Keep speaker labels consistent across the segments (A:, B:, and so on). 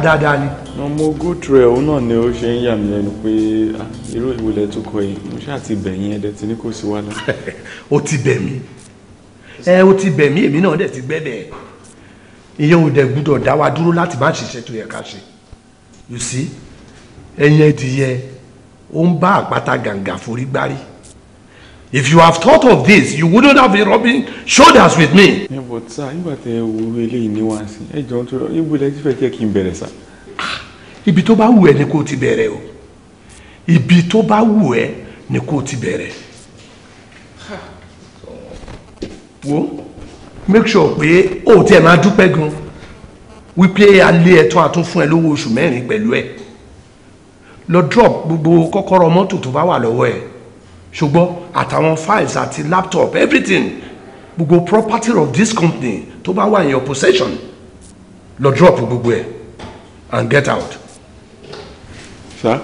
A: dáadáa ni. ọmọ ogójì rẹ òun náà ni ó ṣe ń yà mí lẹ́nu pé ah, irú ìwòlẹ̀ tó kọ yìí mo ṣáà ti bẹ̀ yín ẹ̀dẹ̀ tí ní kò sí wa lọ. o ti bẹ̀ mí ẹ o ti bẹ̀ mí èmi náà dẹ̀ ti gbẹ́bẹ̀ ẹ̀ ìyẹn ò dẹ̀ gbúdọ̀ dá wa dúró láti má ṣiṣẹ́ tó yẹ ká ṣe you see ẹ̀yin ẹ̀dìyẹ ó ń bá àpáta gàǹgà forí gbárí If you have thought of this, you wouldn't have been rubbing shoulders with me. Yeah, but sir, nígbà tẹ wo eléyìí ní wá sí ẹ You would níbo lẹ ti fẹ́ kí ẹ kí n bẹ̀rẹ̀ sá. Ah, ibi tó bá wù ẹ́ ni kò ti bẹ̀rẹ̀ o ibi tó bá wù ẹ́ ni kò ti bẹ̀rẹ̀. wo make sure pé o tiẹ̀ máa dúpẹ́ gan wípé alẹ́ ẹ̀tọ́ àtún fún ẹ lówó oṣù mẹ́rin pẹ̀lú ẹ lọ drop gbogbo kọ́kọ́rọ́ mọ́tò tó bá wà lọ́wọ́ ẹ̀ ṣùgbọ́n àtàwọn files àti laptop everything gbogbo property of this company tó bá wà in your possession lọ drop gbogbo ẹ and get out. sir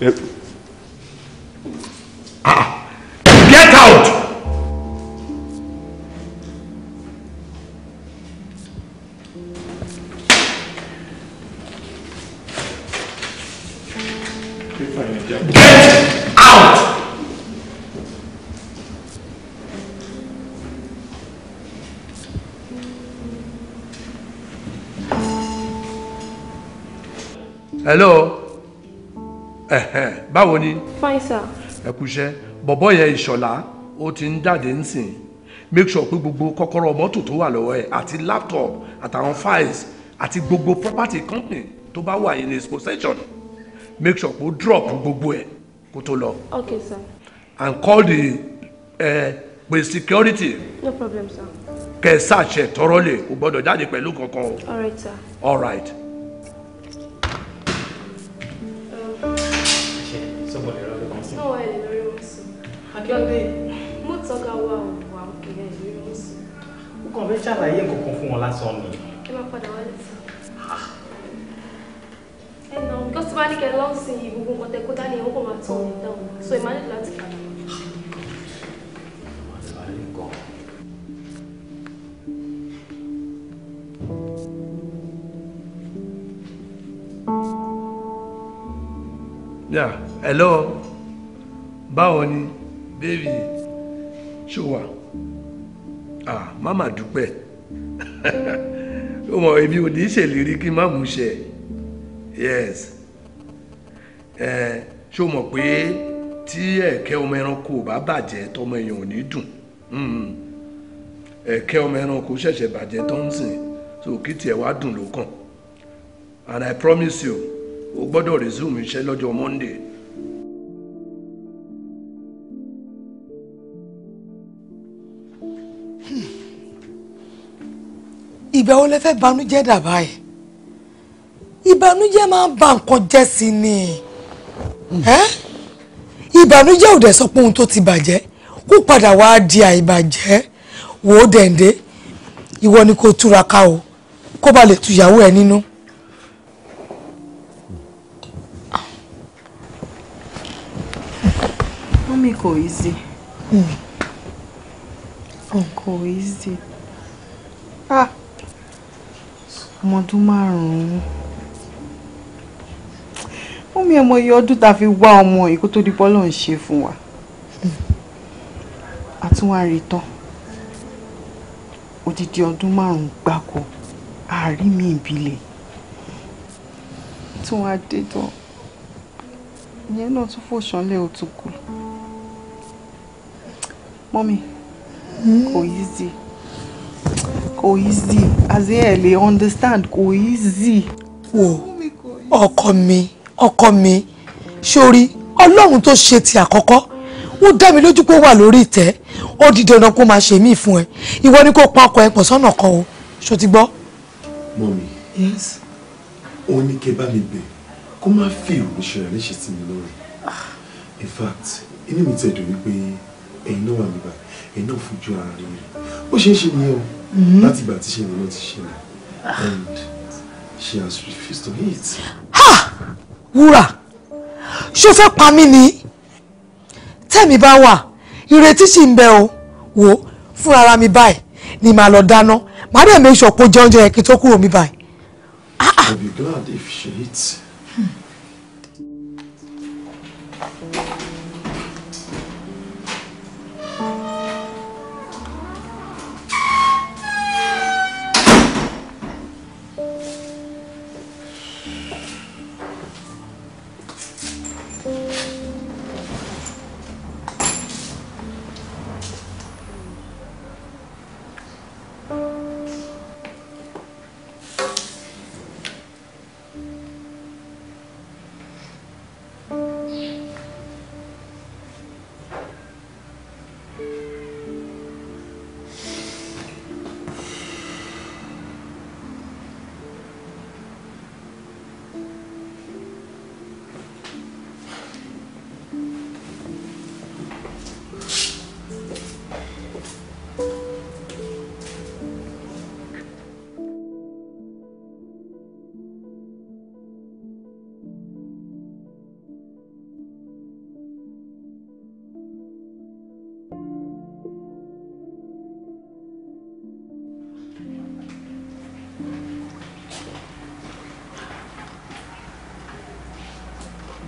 A: yep. ah, ah. hello báwo ni. fine sir. ẹ kú iṣẹ́ bọ̀bọ̀ yẹn ìṣọ̀lá ó ti ń jáde nísìnyí make sure pé gbogbo kọ́kọ́rọ́ mọ́tò tó wà lọ́wọ́ ẹ̀ àti laptop àtàwọn files àti gbogbo property company tó bá wà in his possession make sure pé ó drop gbogbo ẹ̀ kó tó lọ. okay sir. and call the uh, pe security. no problem sir. kẹ ẹ ṣàṣẹ tọrọ lè o gbọ́dọ̀ jáde pẹ̀lú kankan o. all right sir. all right. fẹ́ ṣàlàyé kankan fún wọn lásán ni. ẹ máa padà wálé sí i. Ah. ẹ nà because tí wàá ní kẹ lọ́ọ̀sì gbogbo nǹkan tẹ kó dání ẹ̀ wọ́n kò máa tọ̀ ọ́ dáhùn so ẹ máa nílò
B: Yeah, hello. Báwo baby? Ṣé o ah mama dúpẹ́ ó mọ èmi ò ní ṣèlérí kí má mú ṣe yes ẹ ṣó mọ̀ pé
A: tí ẹ̀kẹ́ ọmọ ẹranko ò bá bàjẹ́ tọmọ èèyàn ò ní dùn hmm. ẹ̀kẹ́ ọmọ ẹranko ṣẹ̀ṣẹ̀ bàjẹ́ tó ń sìn so kí tiẹ̀ wá dùn ló and i promise you o gbọ́dọ̀ resume iṣẹ́ lọ́jọ́ monday.
C: ìgbà wo lẹ fẹ́ banújẹ́ dà báyìí ìbànújẹ́ máa ń ba nǹkan jẹ́ sí ni hmm.
A: ìbànújẹ́ ò dẹ̀ sọ pé ohun tó ti bàjẹ́ kó padà wá di àìbàjẹ́ wò ó dẹ̀ǹdé ìwọ ni kò túraká o kó ba lè tuyàwó ẹ nínú.
C: mọ́mí kò easy hmm. kò
D: easy ah ọmọ ọdún márùn-ún ó mi ọmọ iye ọdún tá a fi wá ọmọ yìí kó tó di bọ́lọ̀ ń ṣe fún wa a tún wá rí tán odidi ọdún márùn-ún gbáko àárín mi ìbílẹ̀ tí wọ́n á dé tán ìyẹn náà tún fòṣánlẹ̀ òtún kù mọ́mi kò yí sí i kò easy as in ẹ understand kò easy.
C: wo ọkọ mi ọkọ mi sórí ọlọ́run tó ṣe ti àkọ́kọ́ ó dá mi lójú pé ó wà lórí ìtẹ́ ó di dandan kó máa ṣe mí fún ẹ ìwọ ni kó pa ọkọ ẹ pọ̀ sọ́nà kan o ṣó ti gbọ́.
B: mọ́mi
E: òun ní kí ẹ bá mi bẹ̀ kó má fi ìròṣẹ́ rẹ̀ léṣe sí mi lórí in fact inú mi tẹ̀ dùn wípé ẹ̀yin náà wà níbà ẹ̀yin náà fojú ara rẹ̀ bó ṣe ń ṣe nìyẹn o. Mm-hmm. láti ìgbà tí ṣẹlẹ̀ ló ti ṣẹlẹ̀ ah. and she has refused to eat. ha
C: wúrà ṣó fẹ́ pa mí ni tẹ́mi bá wà ìrètí sì ń bẹ o wò fúnra mi báyìí ni màá lọ dáná màá dẹ̀ make sure pé ó kí n tó kúrò mi báyìí.
E: Ah, ah. I'll be glad if she eats. Hmm.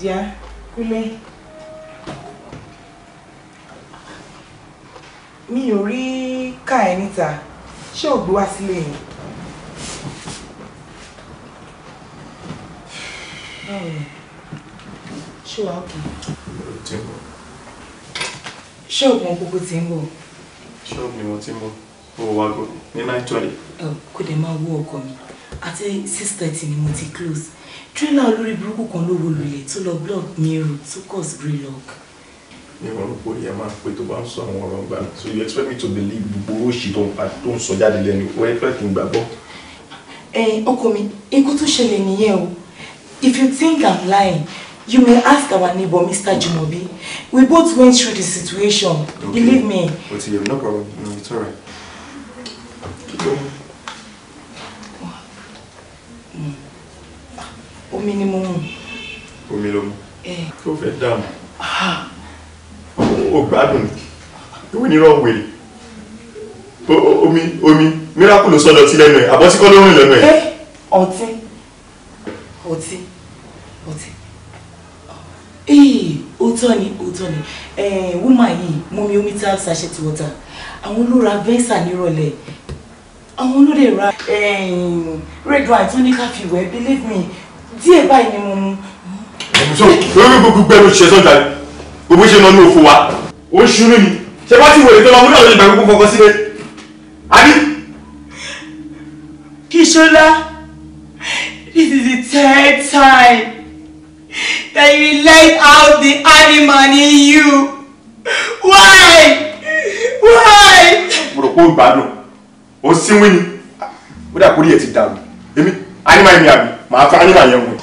F: Dear, Kúnlé.
D: Mi ò rí ká ẹ níta. Ṣé ò gbé wá sílé yìí?
C: Báwo ni? Ṣé wàá kì í? Tí ń bọ̀. Ṣé òògùn gbogbo ti ń bọ̀?
A: Ṣé òògùn ni mo twenty.
C: Oh, kò dẹ̀ máa wọ ọkọ mi. six thirty ni mo ti close tírélà olórí burúkú kan ló wọlé lulẹ̀ tó lọ block mirror tó cause greylock.
A: ìwọ ló pọ̀ yẹ máa pé tó bá ń sọ àwọn ọ̀rọ̀ gbà so you expect me to believe gbogbo òṣì tó ń sọ jáde lẹ́nu o expect kí n gbàgbọ́.
C: ẹ ọkọ mi ikú tó ṣẹlẹ̀ nìyẹn o if you think i'm lying you may ask our neighbor mr Jimobi we both went through the situation okay. believe me.
E: o ti yẹ no problem no, it's alright.
C: omi ni mo mu.
A: omi ló mu. tó fẹ́ dààmú. ó gbádùn ìwé ni rọ̀ wèrè omi omi miracle sọdọ̀ ti lẹ́nu ẹ̀ àbọ̀tí kọ́ ló rìn lẹ́nu ẹ̀. ọtí ọtí ọtí ee òótọ́ ni
C: òótọ́ ni wúmà yìí mọ́mí omi tá a sachet water àwọn ló ra venza nírọ̀lẹ́ àwọn ló dé ra red wine tó ní ká fi wẹ̀ believe me díẹ̀ báyìí ni mo mu.
A: ẹ̀mùsọ̀ lórí gbogbo gbẹ́rù ṣe sọ́jà ni gbogbo ṣe lọ ní òfò wa ó ṣubú mi ṣe bá ti wòlé tó lọ mú náà lóye ìgbà gbogbo kọ̀ọ̀kan sílẹ̀ àbí. Kishola, this is the third time that you let out the animal in you. Why? Why? mo rò pé ó ń gbádùn ó ń sínwín ni ó dà kórìí ẹ̀ ti dàrú èmi anima mi àbí màá fa anima yẹn wò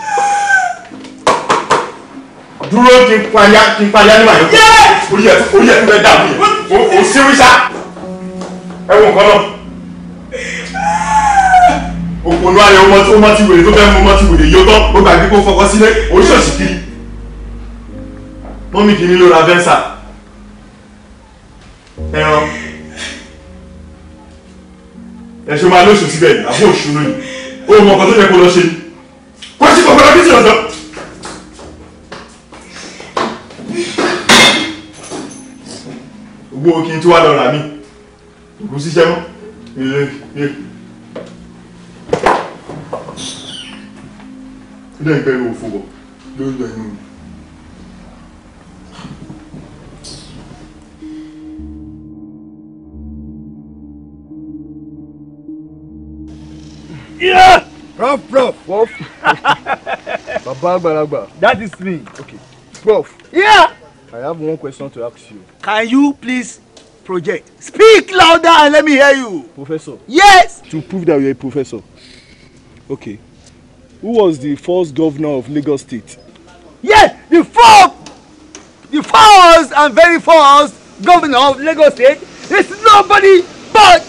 A: dúró kí n panya kí n panya anima yẹn wò orí ẹ orí ẹ tún bẹ dàbí yẹn o ṣíwí sá ẹ wò nǹkan náà òpònú ayọ̀ o tí ó mọ́ ti wèrè tó fẹ́ mú mọ́ ti wèrè yóò o ó gbàgbé kó fọwọ́ sílé oríṣiríṣi kiri mọ́mí kì í nílò ra vẹ́ńsà ẹran ẹ̀ṣọ́ máa lóṣù síbẹ̀ àbó òṣù lónìí o mọ̀ ọ̀kan tó yẹ kó lọ ṣe wọ́n ti kọ̀ọ̀kan lábí sí ọ̀dọ́. gbogbo kí n tó wá lọ rà mí kò síṣẹ́ mọ́ ilé ìgbẹ́ yóò fò bọ̀ lórí ẹ̀yìn mi. one prof. prof. baba agbalagba. that is me. okay prof. yeah. i have one question to ask you. can you please project. speak louder and let me hear you. professor. yes. to prove that you are a professor. okay who was the first governor of Lagos State? Yes, the first, the first and very first governor of Lagos State is nobody but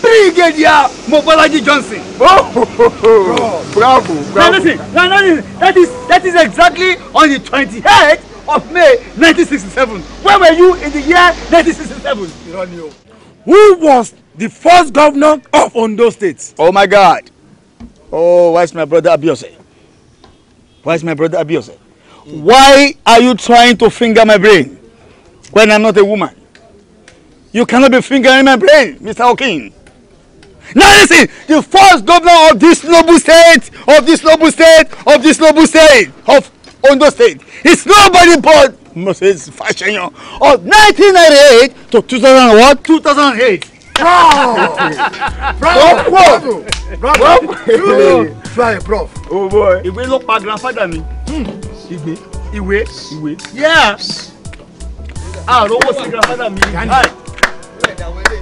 A: Brigadier Mobolaji Johnson. Oh, ho, ho, ho. bravo, bravo. Now listen, now, now listen. That is that is exactly on the twenty th of May nineteen sixty-seven. Where were you in the year nineteen sixty-seven? Who was the first governor of Ondo State? Oh my God. Oh, why is my brother Abiose? Why is my brother Abiose? Why are you trying to finger my brain when I'm not a woman? You cannot be fingering my brain, Mr. O'King now listen the first governor of this noble state of this noble state of this noble state of Ondo state is nobody but Moses Fashenyo of eight to two thousand 2001 2008. Bravo! Bravo! Bravo! Bravo! Bravo! Fly, prof. Oh boy. Ìwé ló pa grandfather mi. Hmm. Ìgbé. Ìwé. Ìwé. Yes. Àròwọ̀ sí grandfather mi. Hi.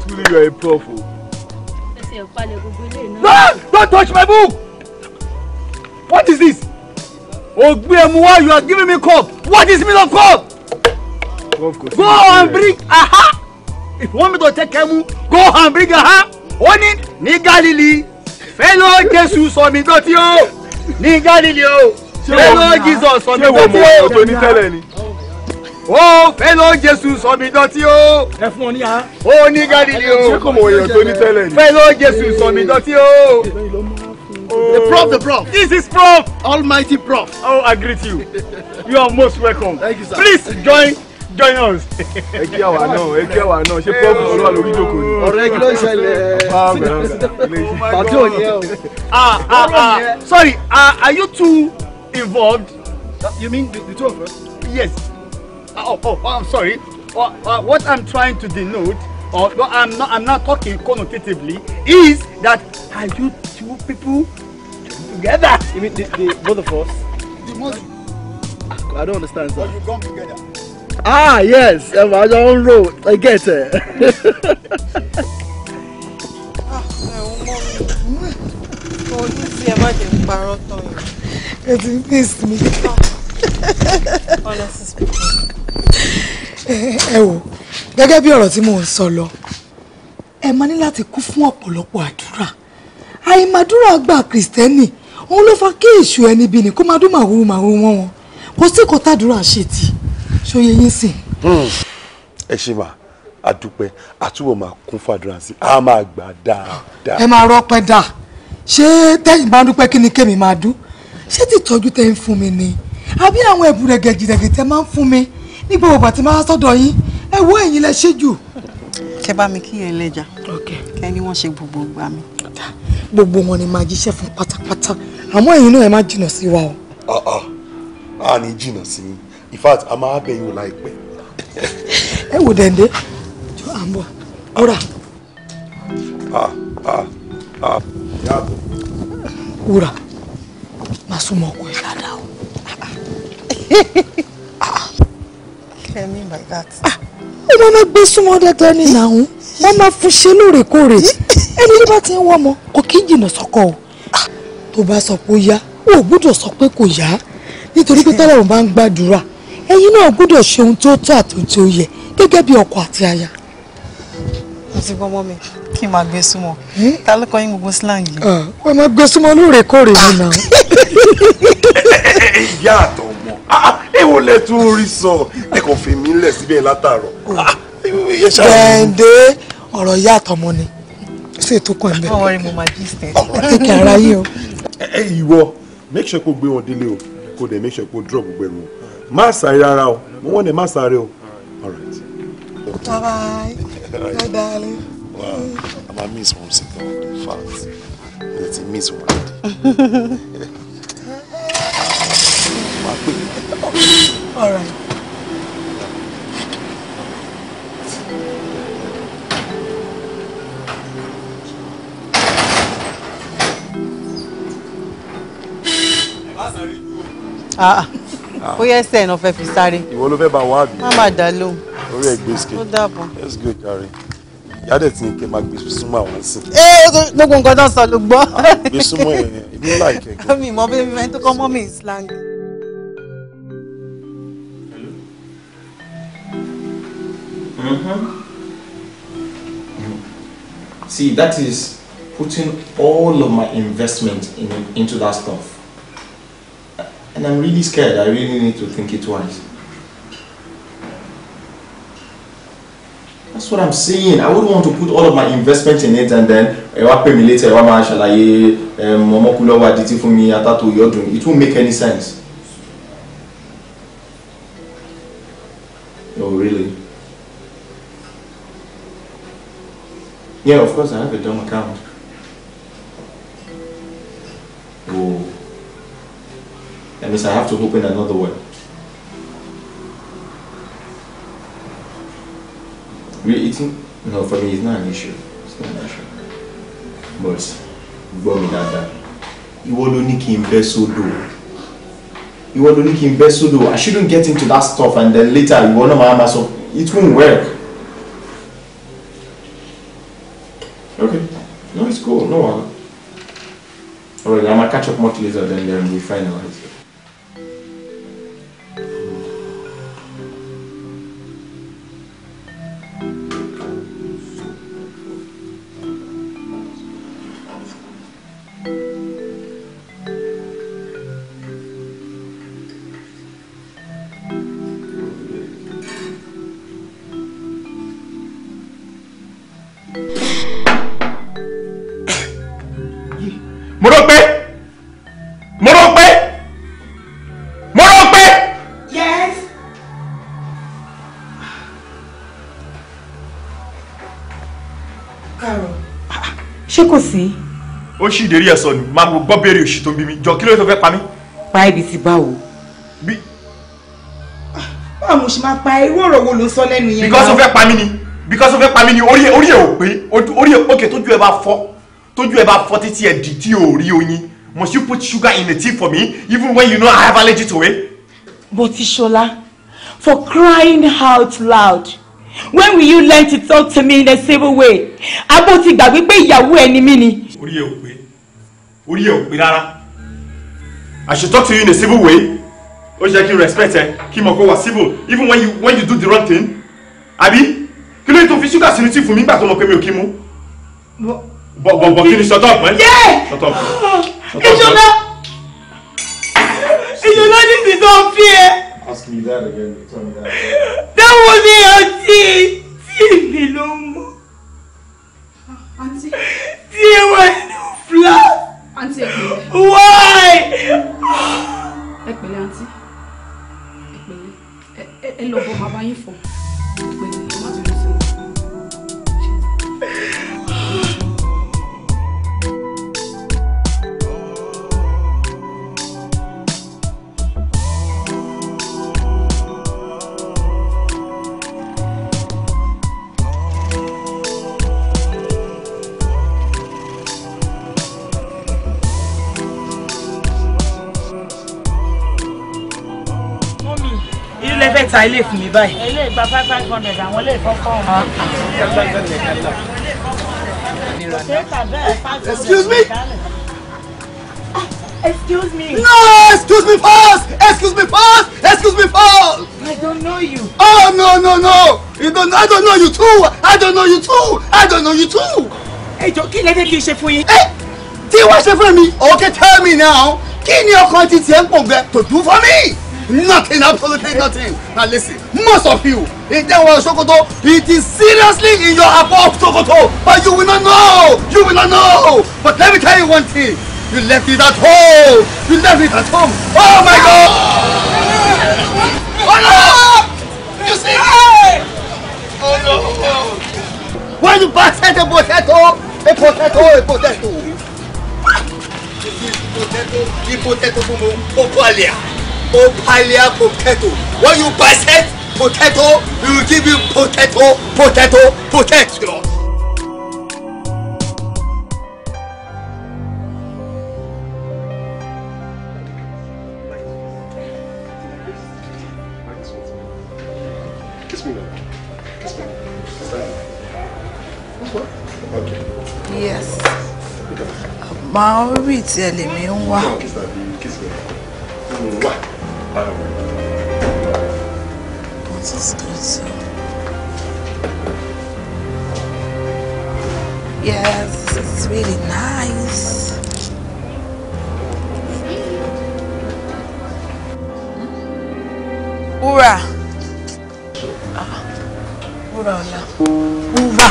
A: Truly you are a prof o. Oh no don't touch my book what is this ogbe emu you are giving me cup what is mean of cup go and bring aha if you want me to take emu go and bring aha ó ní ní Galilee fẹ́lọ́ Jésù sọ mi dọ̀tí o ní Galilee o fẹ́lọ́ Jesus sọ mi ó fẹ́ ló jésù sọmi dọ́tí o. ẹ fún ọ ní a. ó ní gádìlì o. ṣé kò mọ èèyàn tó ní tẹ́lẹ̀ ni. fẹ́ ló jésù sọmi dọ́tí o. The prof, the prof. This is prof. Almighty prof. I greet you. You are most welcome. Thank you, sir. Please join join us. ẹ kí àwa náà ẹ kí àwa náà ṣé prof ló wà lórí ìjókòó ni. ọ̀rẹ́ kí ló ń ṣẹlẹ̀. pàtó òní o. ah ah ah sorry uh, are you two involved. you mean the, the two of us. yes oh, oh, oh, I'm sorry. Oh, uh, what I'm trying to denote, or no, I'm not, I'm not talking connotatively, is that are you two people together? You mean the, the both of us? The most. I don't understand, sir. Or you come together. Ah yes, I'm on road. I get it.
C: Ẹ ti ń pèsè mi. Ah ẹ wò gẹ́gẹ́ bí ọ̀rọ̀ tí mò ń sọ lọ ẹ máa ní láti kú fún ọ̀pọ̀lọpọ̀ àdúrà àìmàdúrà gba kìrìsìtẹ́nì òun ló fa kí èṣù ẹni bí ni kó máa dún màwúrú màwúrú wọn wọn kò sí kò tàdúrà ṣe tì ṣóyè yín sìn.
E: Hmm. ẹ ṣe máa àdúpẹ́ àtúbọ̀ máa kún fàdúrà sí a máa gbà dáadáa.
A: ẹ máa rọpẹ́ dáa ṣé tẹ́yìn bá dúpẹ́ kí ni kémi máa dún ṣé tìtọ́jú tẹ́ ń fún mi ni àbí àwọn ẹ̀bùn rẹ̀ gẹ̀jìrẹ̀gẹ̀ tẹ máa ń fún mi ní gbogbo bàtí máa sọ́dọ̀ yín ẹ wo ẹ̀yin lẹ ṣe jù.
D: kẹ bá mi kíyàn ẹlẹ́ja kẹ ni wọ́n ṣe gbogbo gbà mí. gbogbo wọn ni màá jíṣẹ́ fún pátápátá àmọ́ ẹ̀yin náà ẹ má jìnnà sí wa o.
E: Ah, ah. a ní jìnnà sí i in fact a máa bẹ yín o láìpẹ́.
D: ẹ wò dẹ̀ǹdẹ́ jọ à ń bọ̀ ọ̀rà.
E: Ah,
F: wúrà máa súnmọ́ ọkọ ẹ̀ dáadáa. Kẹ́mi by that.
C: Ọmọ náà gbé súnmọ́ dáadáa ní làwọn. Wọ́n máa fún ṣe lóòrèkóòrè. Ẹni tó bá ti ń wọ́ ọmọ kò kí jìnnà sọ́kọ o. Ah, tó bá sọ pé ó yá, o ò gbọ́dọ̀ sọ pé kò yá. Nítorí pé tọ́lá òun bá ń gbàdúrà. Ẹ̀yin náà gbọ́dọ̀ ṣe ohun tó tọ́ àti ohun tó yẹ gẹ́gẹ́ bí ọkọ àti aya.
D: Mo ti gbọ́ mọ́ mi kí n máa gbé súnmọ́. Hmm? Ta ló kọ́ yín gbogbo slang yìí? Wọ́n
C: ah, máa gbé súnmọ́ lóòrèkóòrè nínú.
A: Ìyá àtọ̀. Ah, ah, èwo lẹ tún rí sọ ẹ kàn fi mí lẹ síbẹ̀ látàárọ̀.
C: Ah, Kẹ́hìndé ọ̀rọ̀ ìyá àtọmọ ni ṣe tó kàn bẹ́ẹ̀. ọ̀rọ̀
D: ìmọ̀ máa jíṣẹ́. ọ̀rọ̀
C: ara yìí o.
A: ẹ ìwọ make sure
E: kó gbé wọn délé o kó dẹ̀ make sure kó drop gbogbo ẹ̀rù o má sáré rárá o mo wọ́n dẹ̀ má sáré o. all right. bye bye. bye darling. wow I'm a miss one second. in Let's miss one.
A: máa pè
E: mí. all right. Ah, ah. ah. ó yẹ ẹsẹ̀ ẹ̀ náà fẹ́ fi sáré. ìwọ ló fẹ́ bá wa àbí. má má dá lóhùn. orí ẹ̀ gbèsè. ó dàbọ̀. let's go carry yàdẹ̀ tí kẹ máa gbèsè súnmọ́ àwọn sí. ee eh, gbogbo nǹkan náà sọ ló gbọ́. gbèsè súnmọ́ ẹ̀ ẹ̀ ibi ńlá ìkẹ́kẹ́.
D: mi mọ bí mi máa tó kọ́ mọ́ mi slang.
A: Mm-hmm. See, that is putting all of my investment in, into that stuff. And I'm really scared. I really need to think it twice. That's what I'm saying. I wouldn't want to put all of my investment in it and then ẹ eh, wá pè mí later ẹ wá máa ṣàlàyé ọmọkùnrin lọ́wọ́ àdìtí fún mi atátó ìyọ́dún. It won't make any sense. Yeah, of course, I have a dumb account. Oh. That means I have to open another one. Really, eating? no, for me, it's not an issue. It's not an issue. But, gbọ́ mi dáadáa. You want ní kí n bẹ́ sódò. Ìwọ ló ní kí n bẹ́ sódò. I shouldn't get into that stuff and then later, you want to ma sọ, it won't work.
B: no one. Alright, I'm gonna catch up more later, then, then we finalize.
A: kò sí. ó sì ìdérí ẹ sọ ni máa wo gbọ́ béèrè òṣì tó ń bí mi jọ kí ló tó fẹ́ pa mí. pa ibi ti bá o. bí.
C: báwo mo ṣe máa pa irú ọ̀rọ̀
A: wo ló ń sọ lẹ́nu yẹn. because o fẹ́ pa mí ni because o fẹ́ pa mí ni orí ẹ orí ẹ ò pé orí ẹ òkè tójú ẹ bá fọ́ tójú ẹ bá fọ́ títí ẹ dì tí o rí oyin must you put sugar in the tea for me even when you know I have allergy to it. But Ishola, for crying out loud when will you learn to talk to me in a civil way abó ti gbà wípé ìyàwó ẹni mi ni. orí ẹ ò pé orí ẹ ò pé rárá I should talk to you in a civil way ó ṣe kí n respect ẹ kí n mọ̀ kó wà civil even when you when you do the wrong thing àbí kí ló yẹ tó fi ṣúgà sínú tí fún mi nígbà tó mọ̀ pé mi ò kí mú. bọ̀bọ̀bọ̀ kí ni shut up ẹ. Eh? shut up shut up. ìṣọlá ìṣọlá this is unfair. Ask me that again. Tell me that. That was me, auntie. Tí mi ló Auntie.
C: Tí ẹ wà flat. Auntie Why? Ẹ pẹ̀lẹ́ auntie. Ẹ pẹ̀lẹ́. Ẹ lọ bọ bàbá yín fọ. Ẹ pẹ̀lẹ́. Ẹ fẹ́ ta ilé ilé ìgbà five five hundred ah. excuse me. Ah, excuse me. No,
A: excuse me first. Excuse me first. Excuse me first. I don't know you. Oh no no no! You don't. I don't know you too. I don't know you too. I don't know you too. Ẹ jọ̀ọ́ kí lẹ́dẹ̀ẹ́ kì í ṣe fún yín. Ẹ eh, tí wàá ṣe fún mi. Okay, tell me now. Kí ni ọkàn ti tiẹ̀ ń pòǹgbẹ to do for me? Nothing, absolutely nothing. Now listen, most of you in Denver Sokoto, it is seriously in your apple of Sokoto, but you will not know. You will not know. But let me tell you one thing. You left it at home. You left it at home. Oh my God! Oh no! You see? Oh no! Why you bastard a potato? A potato, a potato. A potato, a potato, como um pouco Opalia potato. When you bisect potato, we will give you potato, potato, potato.
C: Maori tí ẹ lè mi ń wá. Wà. Yes, it's really nice. Ura. Ah, ura, Ola. Ura.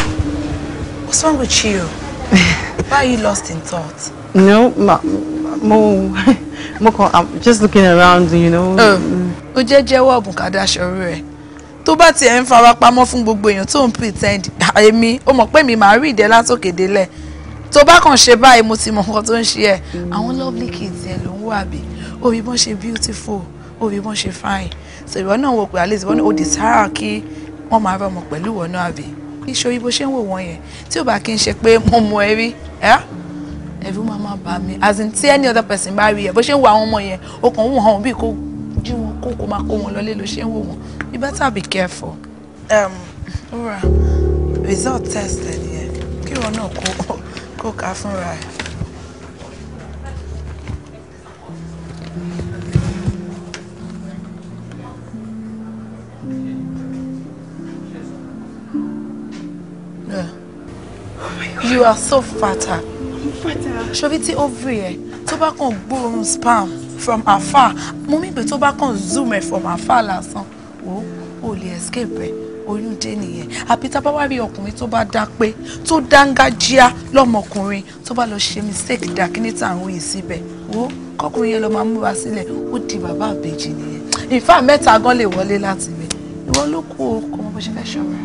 C: What's wrong with you? Why are you lost in thought?
D: No, ma, mo mo kàn i'm just looking around you know. ó
C: oh, jẹ́ jẹ́wọ́ ọ̀bùn ká dáṣọ orí rẹ̀ tó bá tiẹ̀ ń fara pamọ́ fún gbogbo èèyàn tó ń pretend èmi ó mọ̀ pé mi máa rí ìdẹ́ látòkè délẹ̀ tó bá kàn ṣe báyìí mo ti mọ̀ nǹkan tó ń ṣe ẹ̀ àwọn lovely kids ẹ̀ ló ń wà bí òbí bọ́n ṣe beautiful òbí bọ́n ṣe fine so ìwọ náà wò pé at least ìwọ náà ó di sára kí wọ́n máa rọmọ pẹ̀lú ìwọ náà àbí iṣẹ́ òyìnbó ṣe ń wò wọ́n yẹn tí ò bá kí ń ṣe pé mo mọ ẹ rí ẹ́ ẹ̀rù máa máa bà mí as in tí any other person bá rí ẹ bó ṣe ń wo àwọn ọmọ yẹn ó kàn hàn bí kò jí wọn kó kó máa kó wọn lọlé ló ṣe ń wò wọn you better be careful. ọ̀rà um, result test ẹ̀ nìyẹn kí wọn náà kó kó ká fúnra ẹ̀. Oh you are so fatter ṣorí tí ovary ẹ tó bá kàn gbóòórùn spam from afar mo mí pé tó bá kàn zoom ẹ from afar lásán o ò lè escape ẹ oyún dé nìyẹn àbí a bá wá rí ọkùnrin tó bá dá pé tó dángájíá lọmọkùnrin tó bá lọ ṣe mistake dá kí ní tàwọn yìí síbẹ̀ wo kọkùnrin yẹn lọ máa múra sílẹ̀ ó di bàbá àbèjì nìyẹn ìfà mẹ́ta gan lè wọlé láti mi ìwọ ló kú o kò mọ bó ṣe fẹ́ ṣọ́ra.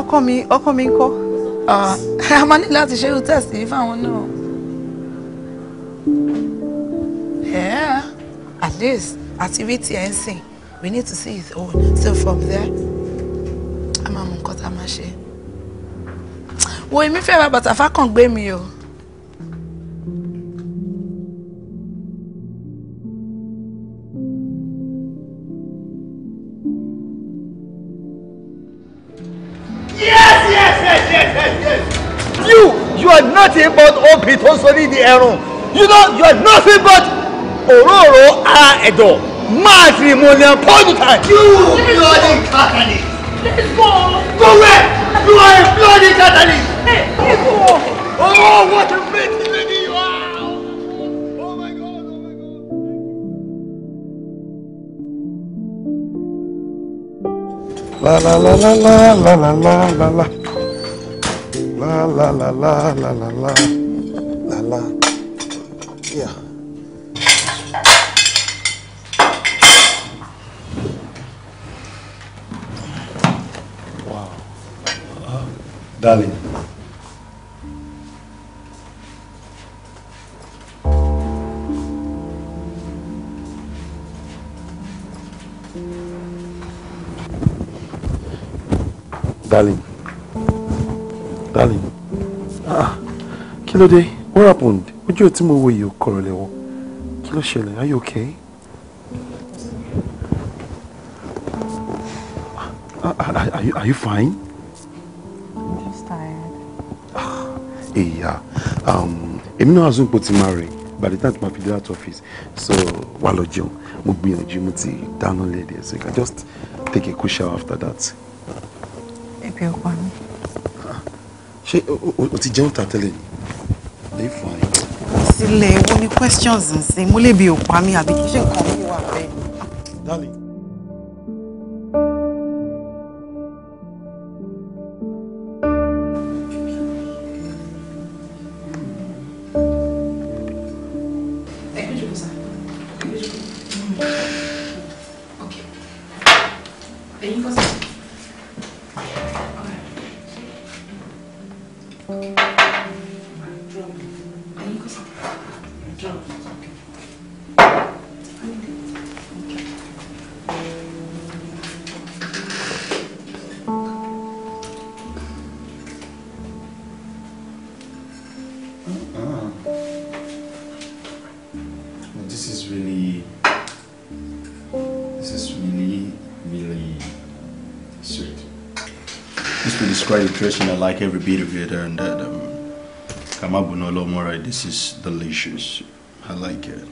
C: ọkọ mi ọkọ mi ń kọ́. Ah, a máa ní láti ṣe irú test yìí fáwọn náà yeah at least àti rí tiẹ̀ ń sìn we need to see his own so from there a máa mú nǹkan tá a máa ṣe wo èmi fẹ́ ra bàtà fákàn gbé mi o.
A: obi tó ń you know you are nothing but òróró ara ẹ̀dọ̀ matrimonial polygamy. you bloody Catholic. let's go. go where you are a bloody Catholic. Hey, let's go. oh what a pity lady you are.
E: La la la la la la la la la la la la la la la la wàhálà yà. Wow. darling. Darling. Darling. Ah, kí ló dé? What happened? Would you tell me where you kọ̀rọ̀ lẹ́wọ̀n. Kí ló ṣẹlẹ̀? Are you okay? Are, ah, are, ah, ah, are, you, are you fine?
D: I'm just tired.
E: Ìyá, um, èmi náà azún po ti máa rìn by the time to my pediatric office. So, wà lọ jẹun. Mo gbìyànjú mo ti dáná lẹ́dẹ̀ẹ́ so you can just take a cool shower after that.
D: If you want,
E: Ṣé what ti jẹun tà tẹ́lẹ̀ ni? they fine.
D: sílẹ̀ wo ni questions ń sìn mo lè bi òpá
A: mi àbí kí ṣe nǹkan mi wà bẹ́ẹ̀. darling nutrition. I like every bit of it, and that uh, um, Kamabunolo Mora, this is delicious. I like it.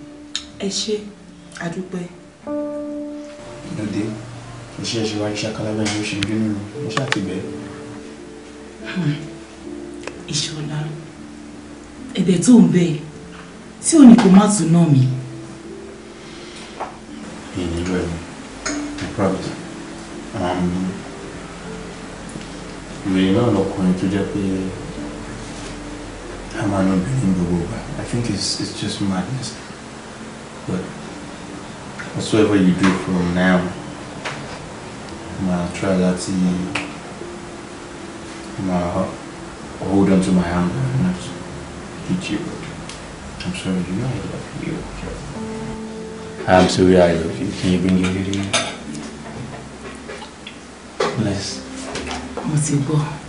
A: Ẹ ṣé, a dúpẹ́. Dade, iṣẹ́ ṣe wá iṣẹ́ kálábẹ́ ni ó ṣe bínú mi, mo ṣàtìbẹ́. Hmm, Ìṣọ̀lá,
C: ẹ̀bẹ̀ tó ń bẹ̀, tí ò ní kó má tún náà mi.
A: To jẹ́ pé a máa ná obìnrin gbogbo gbà I think it's it's just madness but
E: whatever you do from now máa
A: try láti máa hold on to my hand and not hit you but I'm sorry you know I love you.
E: I'm sorry I love you can you bring your lady in?
C: Bless. Mo ti gbọ́.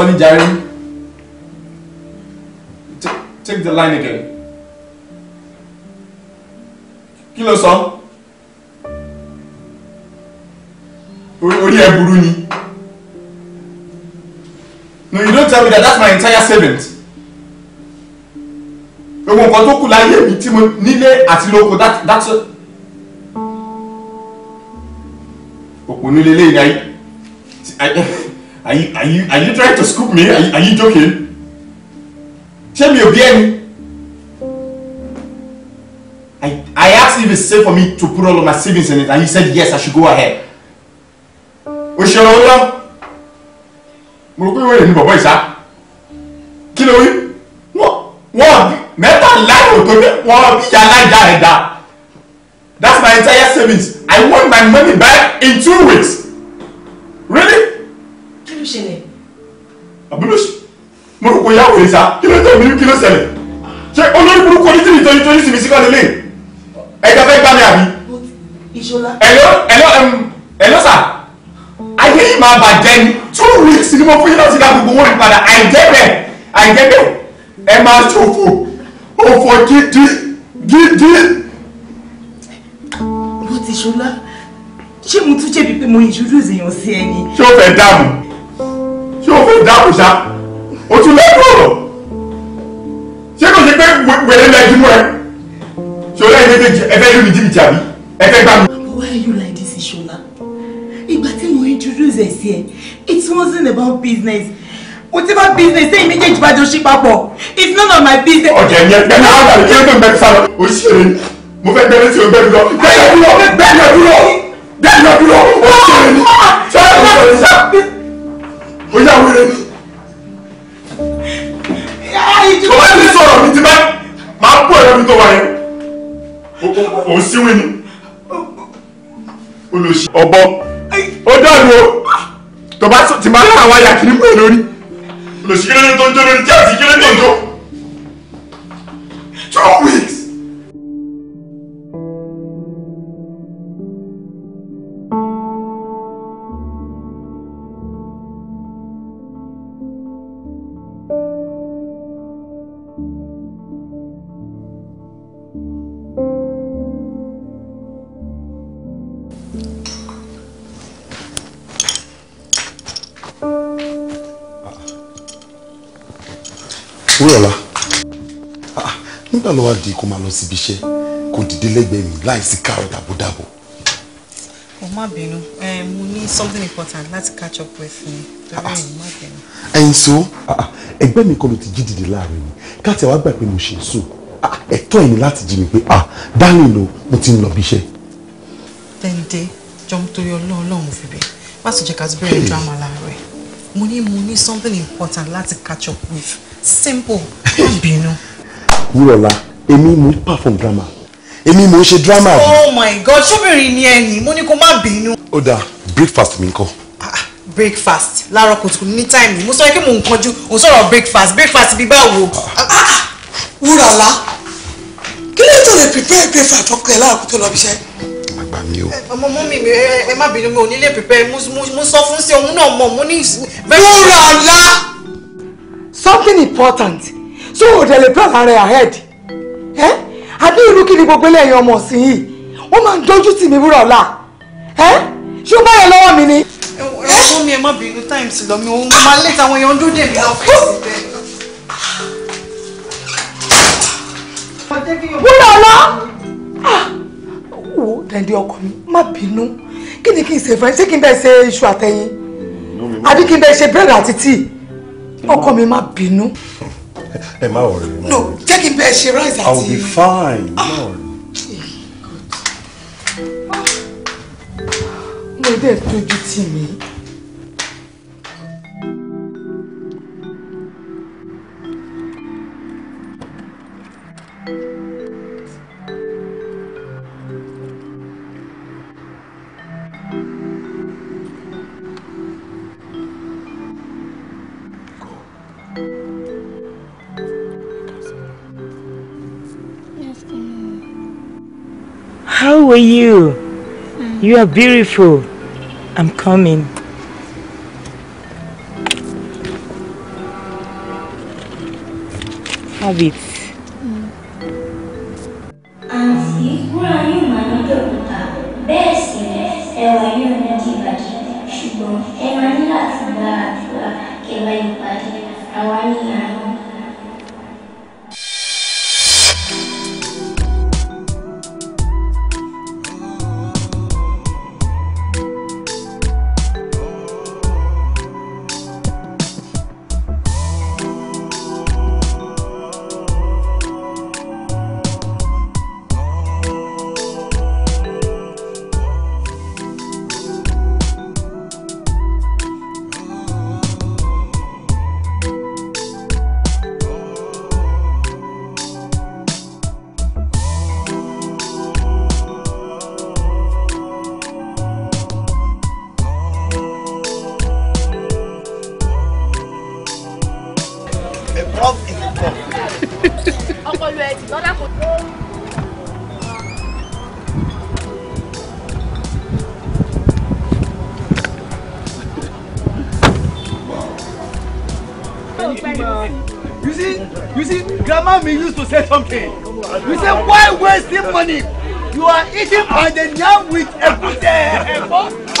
A: sọ ní jàre take the line again kí ló sọ orí ẹ burú ni no you don't tell me that that's my entire savings ewu nǹkan tó kù láyé mi tí mo nílé àti lóko that's òpònú lélẹ́yìn ayé. Are you, are you, are you trying to scoop me? Are you, are you joking? Ṣé me ò bí I, I asked if it's safe for me to put all of my savings in it and you said yes, I should go ahead. We shall mo rò pé ìwé rẹ̀ ni bàbá ìsá. wèrè sá kí ló tó mi kí ló ṣẹlẹ̀ ṣe olórí burúkú onítìrì tó ní tó ní sinmi sí kọ́ni lé ẹ̀jẹ̀ fẹ́ gbá mi àbí. ẹ̀lọ́ ẹ̀lọ́ ẹ̀lọ́ sà ayé yìí máa bàjẹ́ ni two weeks ni mo fún yín náà sí ká gbogbo wọn padà àìjẹ́ bẹ́ẹ̀ àìjẹ́ bẹ́ẹ̀ ẹ máa ṣòfò òfò gidi gidi. owó ti ṣọlá ṣé mo tún jẹ̀bi pé mo introduce èèyàn sí ẹni. ṣé o fẹ́ dààmú ṣé o fẹ́ dààmú ṣá o tún lẹ́kọ̀ọ́ ṣé kò ṣe pé wẹ̀rẹ̀ lẹ́jú mọ́ ẹ ṣọlá ẹ̀ méjèèjì ẹ fẹ́ lù mí jìbìtì àbí ẹ fẹ́ gbà mí.
C: why you like this ṣọlá
A: ìgbà tí mo introduce ẹ sí ẹ it wasn't about business whatever business sẹ́yìn méjèèjì bá jọ ṣí papọ̀ it's none of my business. ọ̀jẹ̀ ni ẹ gbẹ́ náà wà lóye tó ń bẹ́ẹ̀ sálọ o ṣeré mo fẹ́ gbẹ́rẹ́ sí o bẹ́ẹ̀ lọ bẹ́ẹ̀ lọ bẹ́ẹ̀ lọ bẹ́ẹ̀ lọ o ṣeré ni ṣáà o ṣeré ni o yà wẹ́rẹ́ ni báyìí ti. tó bá ti sọ̀rọ̀ mi ti bá máa bọ̀ ẹ̀rọ mi tó wà yẹn ò ń síwìn ni olùsí ọ̀bọ ó dàlú o tó bá ti máa ń àwọn àyà kìíní pẹ̀lú lórí olùsí kílódé tó ń jó lórí tí àti kílódé tó ń jó two weeks.
E: nígbà ló wá di kó máa lọ síbi iṣẹ́ kó dìde lẹ́gbẹ̀ẹ́ mi láìsí káàrọ̀ dàbòdàbò.
D: o má bínú mo ní something important láti catch up with me. torí ẹ̀ má bínú.
E: Ah, ah. ẹ̀yin so ah, ẹgbẹ́ mi kọ́ ló ti jí dìde láàrin mi káàtì àwa gbà pé mo ṣe sùn ẹ̀tọ́ ẹ̀ ni láti jí mi pé darling o mo ti ń lọ bí iṣẹ́.
D: tẹ̀ǹdé jọm torí ọlọ́run lọ́run fi bẹ̀ má sì jẹ́ ká ti bẹ̀rẹ̀ drama láàárọ̀ mo ní mo ní something important láti catch up with simple má bínú
A: wúrọ̀lá èmi mo ń perform drama èmi mo ń ṣe drama.
D: oh my god ṣóbìnrin ni ẹni mo ní kó má bínú.
A: ó
E: dáa breakfast mi ńkọ́. Ah,
D: ah, breakfast láàárọ̀ kùtùkùtù ní táìmù mo sọ pé mo ń kanjú mo sọ̀rọ̀ breakfast breakfast bí báwo. Ah, wúrọ̀lá kí ló
A: tó lè prepare breakfast fọkàn ẹ láàárọ̀ kùtùkùtù lọ́ọ́ fi ṣe
D: àgbà mi o. Eh, ọmọ mú mi eh, eh, ẹ má bínú mi ò nílé prepare mo sọ fún sí òun náà mọ mo ní. wúrọ̀lá
A: something important so o dẹ̀ plan ara ẹ̀ ahead ẹ́ àbí irú kí ni gbogbo eléyìí ọmọ sí yìí ó máa ń dojú tì mí wúrà ọ̀la ẹ́
D: ṣé ó báyẹn lọ́wọ́ mi ni. ọgbọ́n mi ẹ má bínú times lọ mi òun máa lé tàwọn èèyàn dúró dè mí lọ́fíìsì
F: bẹ́ẹ̀. wúrà ọ̀la
A: ah, wo dẹ̀ndé ọkọ mi má bínú kí ni kí n ṣe fún ẹ ṣé kí n bẹ́ẹ̀ ṣe iṣu àtẹ̀yìn àbí kí n bẹ́ẹ̀ ṣe búrẹ́dì àti tíì ọkọ mi má bínú ẹ má wọrí. no jẹ́ kí n bẹ ṣe rice àti. i will be
E: fine.
C: má wọrí. mo dẹ̀ tójú tì mí.
A: How you? Mm. You are beautiful.
C: I'm coming. Have it.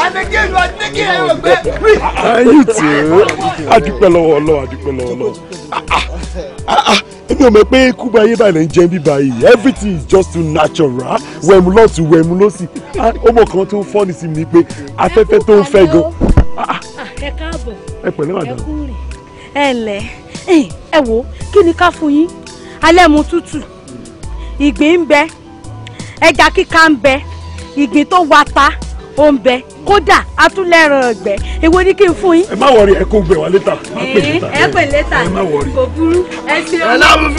A: adúpẹ́ lọ́wọ́ Ọlọ́run adúpẹ́ lọ́wọ́ Ọlọ́run èmi ò mọ̀ pé ikú báyé báyìí lè ń jẹ́ bíbá yìí everything is just too natural wẹ̀mú lọ́tún wẹ̀mú lọ́sì ọmọ kan tó ń fọ́ni sí mi pé afẹ́fẹ́ tó ń fẹ́ gan. ẹ káàbọ̀ ẹ pẹ̀lẹ́ wà
C: ẹ lẹ ẹ wo kí ni ká fún yín alẹ́ mu tútù ìgbín ń bẹ ẹja kíká ń bẹ ìgbín tó wata ó ń bẹ kódà atúlẹ̀ràn ọ̀gbẹ́ èwo ni kí n fún yín. ẹ má wọrí ẹ kó gbẹ wá létà. ẹ pè létà kò burú ẹ ṣe ọmọ ẹ láwọn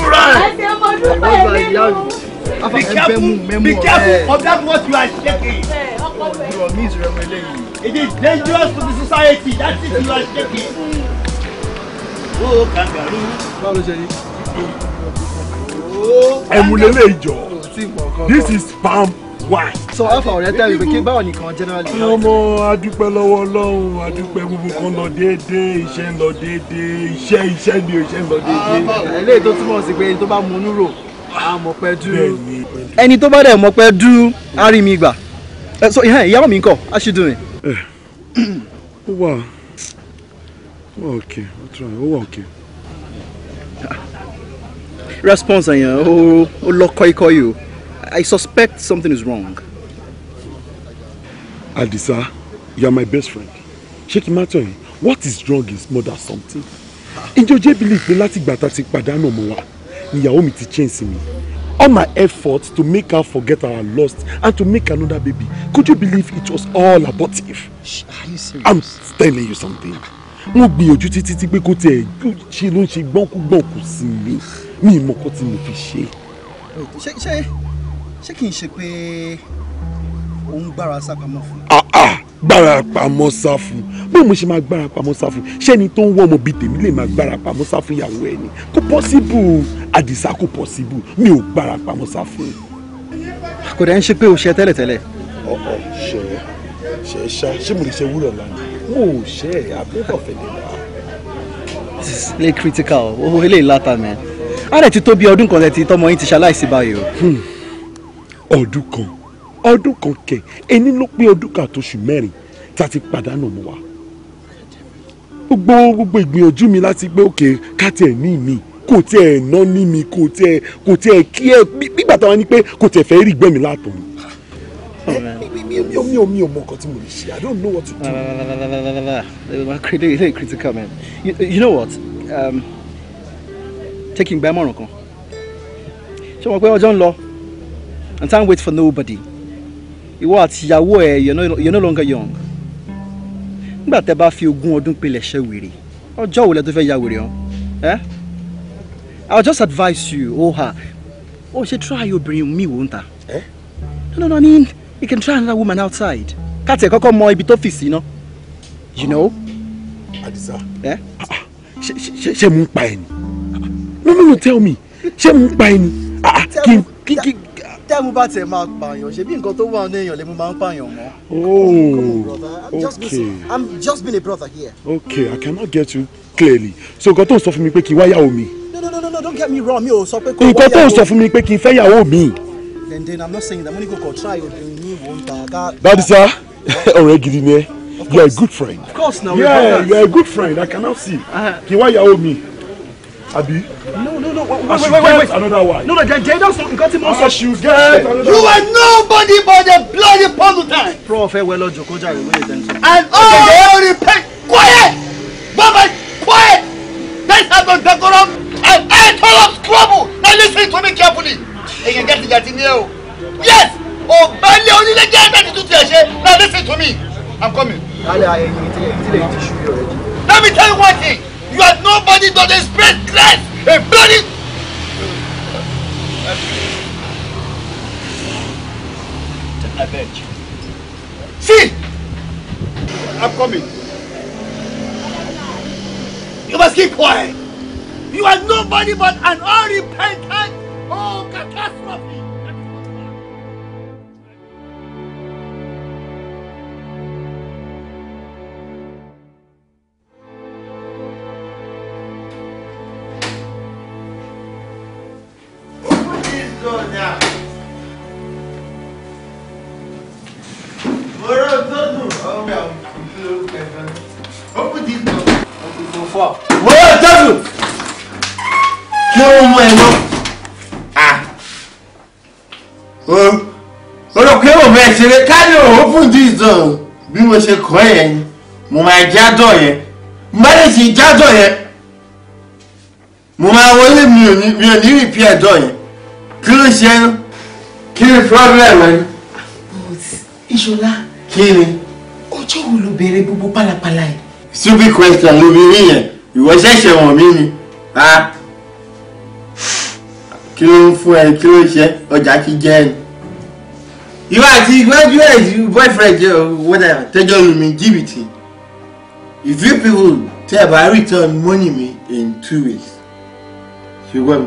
C: ọmọ dúpẹ́ ẹ
A: be careful be careful eh. of that what you are taking. your means rẹ mọ eléyìí. it is dangerous for the society that is you are taking. o oh, kangaroo. báwo ló ṣe yí. ẹ̀mú lélẹ̀ ìjọ this is palm why. so alpha ọ̀rẹ́ tẹ́lẹ̀ pé kí báwo nìkan generally. ọmọ adúpẹ́ lọ́wọ́ ọlọ́run adúpẹ́ gbogbo kan lọ déédéé iṣẹ́ ń lọ déédéé iṣẹ́ iṣẹ́ ni iṣẹ́ ń lọ déédéé. eléyìí tó túmọ̀ sí pé ẹni tó bá mu onúrò á mọ̀ pẹ́ dúró ẹni tó bá dẹ̀ mọ̀ pẹ́ dúró á rí mi gbà so ìyàwó mi ńkọ́ how she doing. Eh, ó wà ó wà òkè ó wà òkè response yẹn ó lọ kọ́ikọ́ yìí o. I suspect something is wrong. Adisa, you are my best friend. Sheikh kí What is wrong is mother something. In o jẹ́ believe pé láti ìgbà tá a ti pàdánù ọmọ wa mi All my efforts to make her forget our lost and to make another baby. Could you believe it was all abortive?
E: Are you serious? I'm telling you something. Mo oju titi tí pé kó tiẹ̀ ṣe ló ń ṣe gbọ́nkúgbọ̀nkù sí mi. Mi ì mọ̀ kó mo fi
D: ṣe ṣé kì í ṣe pé òun gbára sápamọ́ fún. Ah,
A: ah, gbára pamọ́ sá fún báwo mo ṣe máa gbára pamọ́ sá fún ṣẹ́ni tó ń wọ́ ọmọ bíi tèmi lè máa gbára pamọ́ sá fún ìyàwó ẹni kò pọ́síbù àdìsá kò pọ́síbù mi ò gbára pamọ́ sá fún. kò dẹ̀ ń ṣe pé o ṣe tẹ́lẹ̀tẹ́lẹ̀.
E: ọ̀ọ́ ṣe ṣe ṣá ṣé mo lè ṣe wúrọ̀ lánàá mo ò ṣe àbẹ́bọ̀ fẹ́lẹ́ wá.
A: lè critical owó eléyìí látà mẹ́ á rẹ̀ ti tó bí ọdún kan lẹ́ ọdún kan ọdún kan kẹ ẹni ló pé ọdún kan àtòṣù mẹ́rin tá a ti pàdánù mọ́ wa gbogbo gbogbo ìgbìyànjú mi láti gbé òkè káàtì ẹ̀ ní mi kò tiẹ̀ ná ní mi kò tiẹ̀ kò tiẹ̀ kí ẹ gbígbà táwọn ni pé kò tiẹ̀ fẹ́ rí gbẹ̀mí látọ̀ ah, mi mi ò mi ò mi ò mọ nǹkan tí mo lè ṣe i don't know what to do. ilé critical man you, you know what um, taking gba ẹmọ̀ràn kan ṣé wọn pé ọjọ́ ń lọ and time wait for nobody ìwọ àti ìyàwó ẹ you're no longer young nígbà tẹ bá fi ogún ọdún pilẹ̀ ṣe wèrè ọjọ́ wo lẹ tó fẹ́ ya wèrè hàn eh? ẹ́ just advise you o ha o ṣe try obìnrin mi wò ń ta eh? no no no i mean you can try another woman outside káàtì ẹ̀ kọ́kọ́ mọ ibi tó fi sí náà you know. Ah, Adisa ẹ ṣe ṣe mú pa ẹ ni no no no tell me ṣe mú pa ẹ ni ah, ah, kí kí kí tẹ́mu bá tiẹ̀ máa pààyàn ṣe bí nǹkan tó wà ní èèyàn lè mú máa ń pààyàn mọ́.
E: oh okay
D: i'm just being a brother here.
A: okay i cannot get you clearly so nǹkan tó ń sọ fún mi pé kí n wáyàwó mi. no no no no don't get me wrong mi ò sọ pé kó wáyàwó. nǹkan tó ń sọ fún mi pé kí n fẹ́ yàwó mi. then then i'm not saying that money go go try obìnrin ní ìwò one ta ká. dadisa ọ̀rẹ́ gidi ni ẹ you are a good friend. of course na we are brothers. yeah you are a good friend i cannot see uh-huh. kí n wáyàwó mi àbí. no no no wait wait wait wait another one. no no they don't. nkan got mo sọ. as she get another one. you were nobody but a bloody pollutant. prof ẹ wẹ lọ jòkó jà ìwé and all the repent quiet baba quiet this has been decorum and I tell us trouble now listen to me carefully. èyàn jẹ́ tìjàtì ni ẹ o yes ọ̀bẹ́lẹ̀ onílẹ̀jẹ̀ only tuntun ti ẹ̀ ṣe now listen to me i'm coming. kálí ayẹyẹ ìdílé ìdílé ìdíṣu yóò let me tell you one thing. You are nobody but a spread Christ! A bloody... I beg you. See! I'm coming. You must keep quiet. You are nobody but an unrepentant, oh, catastrophe. bí mo ṣe kọ́ ẹ̀ yẹn mo máa jádọ̀ yẹn mo bá lè ṣe jádọ̀ yẹn mo máa wọlé mi ò ní mi ò ní rìpí ẹ̀dọ̀ yẹn kí ló ṣe ẹ́ kí ni problem ẹ. ìṣọlá kí ni.
C: ọjọ́ wo ló bẹ̀rẹ̀ gbogbo pálapàla yìí.
A: stupid question ló bí rí yẹn ìwọ ṣẹ̀ṣẹ̀ wọ̀n mí ni ah. kí ló ń fún ẹ kí ló ń ṣe ọjà ti jẹ́ ẹni ìwà àti graduate boyfriend jẹ́ whatever tẹ́jọ́ lu mi jìbìtì if you people tẹ́ ẹ̀ bá return money me in two weeks ṣùgbọ́n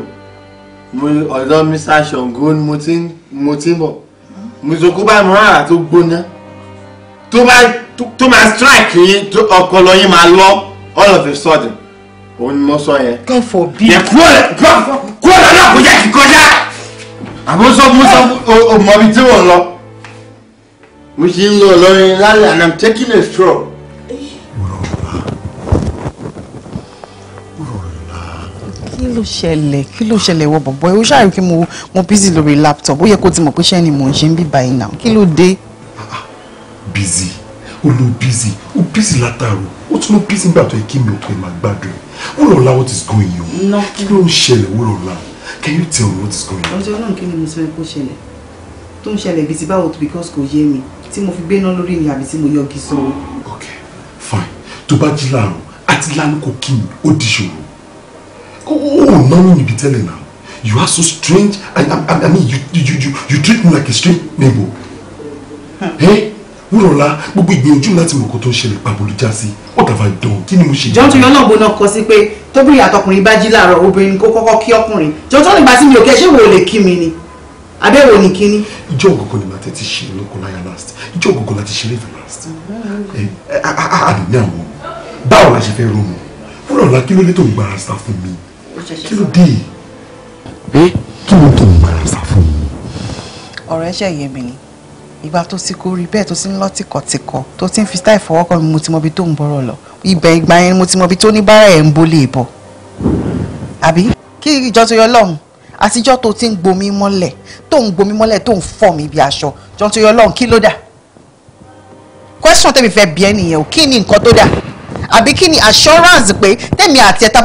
A: mi ọ̀dọ́ Mr. Ṣàngó mo ti ń bọ̀ mùsùlùkú bá mọ àrà tó gbóná tó máa strike yín ọpọlọ yín máa lọ all of a sudden òun ni mo sọ yẹn. God forbid. yẹ kúrò lọ́nà kó jẹ́ kí kọjá àbúrò sọ fún sọ ọmọ mi tí mò ń lọ mo ṣe ń lọ Ìlọrin lálẹ́ and I'm taking a
B: stroll.
D: kí ló ṣẹlẹ̀ kí ló ṣẹlẹ̀ wọ bọ̀bọ̀ ẹ̀ ó ṣàrò kí mo mo busy lórí laptop ó yẹ kó ti mọ̀ pé ṣẹ́ ni mò ń ṣe ń bí báyìí náà kí ló dé. Ah, ah.
A: busy ó ló
E: busy ó busy látàrọ ó tún ló busy nígbà tó yẹ kí mi ò tó ẹ máa gbádùn ẹ what is going on kí ló ń ṣẹlẹ̀ wúrọ̀lá can you tell me what is going
D: on. ọjọ́ náà kí ni mo sọ ẹ kó ṣẹlẹ̀ tó ń ṣẹlẹ̀ bíi ti báwo tó because kò yé mi tí mo fi gbéná lórí mi àbí tí mo yọgi sówó.
E: ok fine tó bá jí láàrún àti lánàá kò kí mi ó di ṣòro ó náwó níbi tẹ́lẹ̀ náà you are so strange i i i mean you you you you treat me like a strange neighbor. Hey? Eh? wúrọ̀lá gbogbo ìgbìyànjú láti mọ̀kàn tó ń ṣẹlẹ̀ pàbòlù já sí what have I done kí ni mo ṣe. jọ́n tún yan náà
D: gbóná kọ sí pé tóbìnrin àtọkùnrin bá jí láàárọ̀ obìnrin kó kọ́kọ́ kí ọkùnrin jọ́n tún nígbà tí mi ò kẹ́ ṣé wo lè kí mi ni abẹ́wò ni
A: kíní. ìjọ ògùngàn ni màtẹ́ ti ṣe lóko láyà last ìjọ ògùngàn láti ṣe lẹ́fẹ̀ẹ́ last eh, a lè ní àwọn báwo la ṣe fẹ́ ronú fúnra ọ̀la kí ló dé tó ń gbára sá fún mi kí ló dé kí ló tó ń gbára sá fún mi.
D: ọ̀rọ̀ ẹ̀ṣẹ̀ yé mi ni ìgbà tó ti kó rí bẹ́ẹ̀ tó ti ń lọ tìkọ̀tìkọ̀ tó ti ń fi táì fọwọ́kọ́ mi mo ti mọbi tó ń bọ̀rọ̀ lọ ibẹ̀ ìgbà yẹn mo ti mọbi tó ní bára ẹ̀ ń bó lè bọ̀ àbí kí ìjọ tó yọ lọ́hùn àtijọ́ tó ti ń gbomi mọ́lẹ̀ tó ń gbomi mọ́lẹ̀ tó ń fọ́ mi bí aṣọ jọ nítorí ọlọ́run kí ló dà question tẹ́mi fẹ́ bí ẹnìyẹn o kí ni nǹkan tó dà àbí kí ni assurance pé tẹ́mi àti ẹ̀ta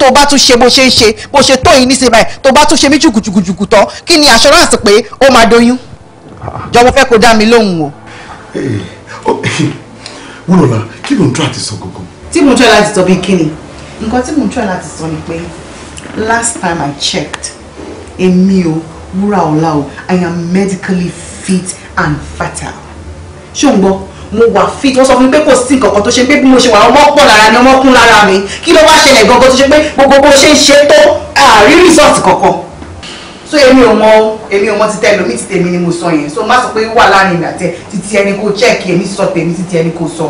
D: tó bá tún ṣe bó ṣe ń ṣe bó ṣe tó yìí níṣẹ́ báyìí tó bá tún ṣe mí jùkùjùkùjùkù tán kí ni assurance pé ó máa doyún jọ mo fẹ́ kó dá mi lóhùn o.
A: Eh, eh, oh,
E: wúlọ̀lá kí ló ń tọ́ àti sọ gbogbo.
D: tí mo ń tọ́ láti sọ bí kí ni nǹkan tí mo ń tọ́ láti sọ ni pé last time I checked èmi o wúrà ọ̀la o i am medically fit and fertile ṣùgbọ́n mo wà fit wọ́n sọ fún mi pé kò sí nǹkan kan tó ṣe pé bí mo ṣe wà ọmọ pọ̀ lára ni ọmọ kún lára mi kí ló wá ṣẹlẹ̀ gangan tó ṣe pé gbogbo bó ṣe ń ṣe tó àárín rìsọ́ọ̀tì kankan so èmi ò mọ èmi ò mọ ti tẹ́ lómi ti tèmi ni mo sọ yẹn so má sọ pé wà láàrin ìgbà tẹ títí ẹni kò chẹ́ẹ̀kì èmi sọ tèmi títí ẹni kò sọ.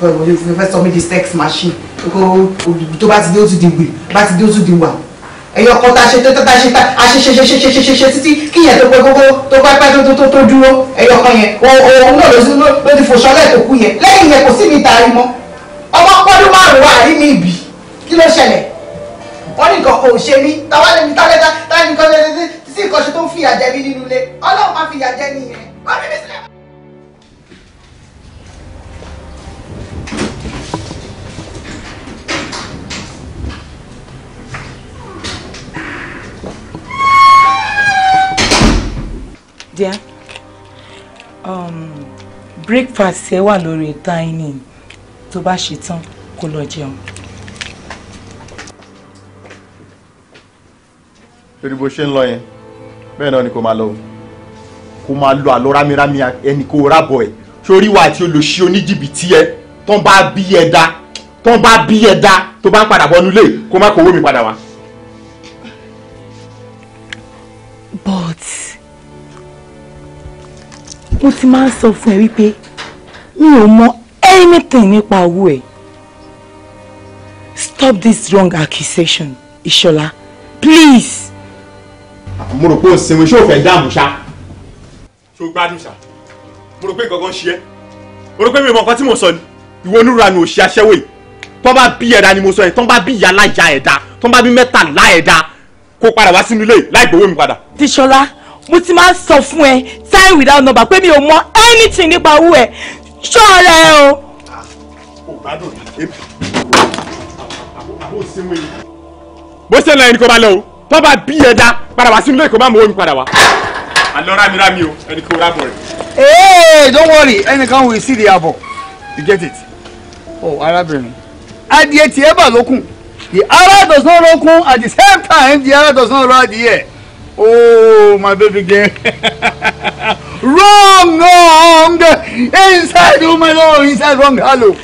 D: bọ́ọ̀lù mo fẹ́ sọ mi di sex machine tó bá ti dé ó ti di gbè bá ti dé ó ti di wà ẹyọ kan tá a ṣe tó tá a ṣe tá a ṣe ṣe ṣe ṣe ṣe ṣe ṣe títí kí yẹn tó pẹ́ gbogbo tó bá pẹ́ tó tó tó dúró ẹyọ kan yẹn òun náà ló ló ti fòṣọlẹ̀ tó kú yẹn lẹ́yìn yẹn kò sí mi taari mọ́ ọmọ pọ́dún márùn-ún wà rí mi ibì kí ló ṣẹlẹ̀ wọ́n ní nǹkan kò ṣe mí táwa lè mi tá lẹ́ta tá nǹkan lè sí nǹkan ṣe tó ń fìyà jẹ mí nínú ilé ọlọ́run má fìyà jẹ nìyẹn wọ́n fi mí sílẹ̀
C: díẹ̀ um, breakfast ẹ wà lórí dining tó bá ṣe tán kó lọ jẹun.
A: lórí bó ṣe ń lọ yẹn bẹ́ẹ̀ náà ni kò máa lọ kò máa lọ àlọ́ rámírámí ẹni kò rábọ̀ ẹ̀ sórí wa àti olùṣí oníjìbìtì ẹ tó ń bá bí ẹ dá tó bá bí ẹ dá tó bá padà bọ́nú lé kó má kó owó mi padà wá.
C: mo ti máa ń sọ fún ẹ wípé mi ò mọ anything nípa owó ẹ stop this wrong accusation Ìṣọ̀lá
A: please. mo rò pé òsínwó ṣé o fẹ́ dáàmú ṣá ṣé o gbádùn ṣá mo rò pé gangan ṣe é mo rò pé mi ò mọ nǹkan tí mo sọ ni ìwọ onírànù òṣì aṣẹ́wó yìí tọ́ bá bí ẹ̀dá ni mo sọ yẹn tọ́ bá bí ìyá láyà ẹ̀dá tọ́ bá bí mẹ́tàlá ẹ̀dá kó padà wá sínú ilé láì gbowó mi padà. tíṣọlá mo ti máa ń sọ fún ẹ time without number pé mi ò mọ anything nípa owó ẹ ṣọ́ ara ẹ o. bó ṣe ń lọ ẹni kó máa lọ o tó bá bí ẹ dá padà wá sínú ilé kó máa mọ omi padà wá. àlọ́ rámi rámi o ẹni kó rábọ̀ rẹ̀. ee don't worry ẹnìkan we see the abo you get it. ọ oh, arábìnrin adìẹ tiẹ́ bà lókun the ara does not rokun at the same time the ara does not ro adìẹ. Oh, my baby girl. wrong, wrong. Inside, oh my lord, inside, wrong. Hello.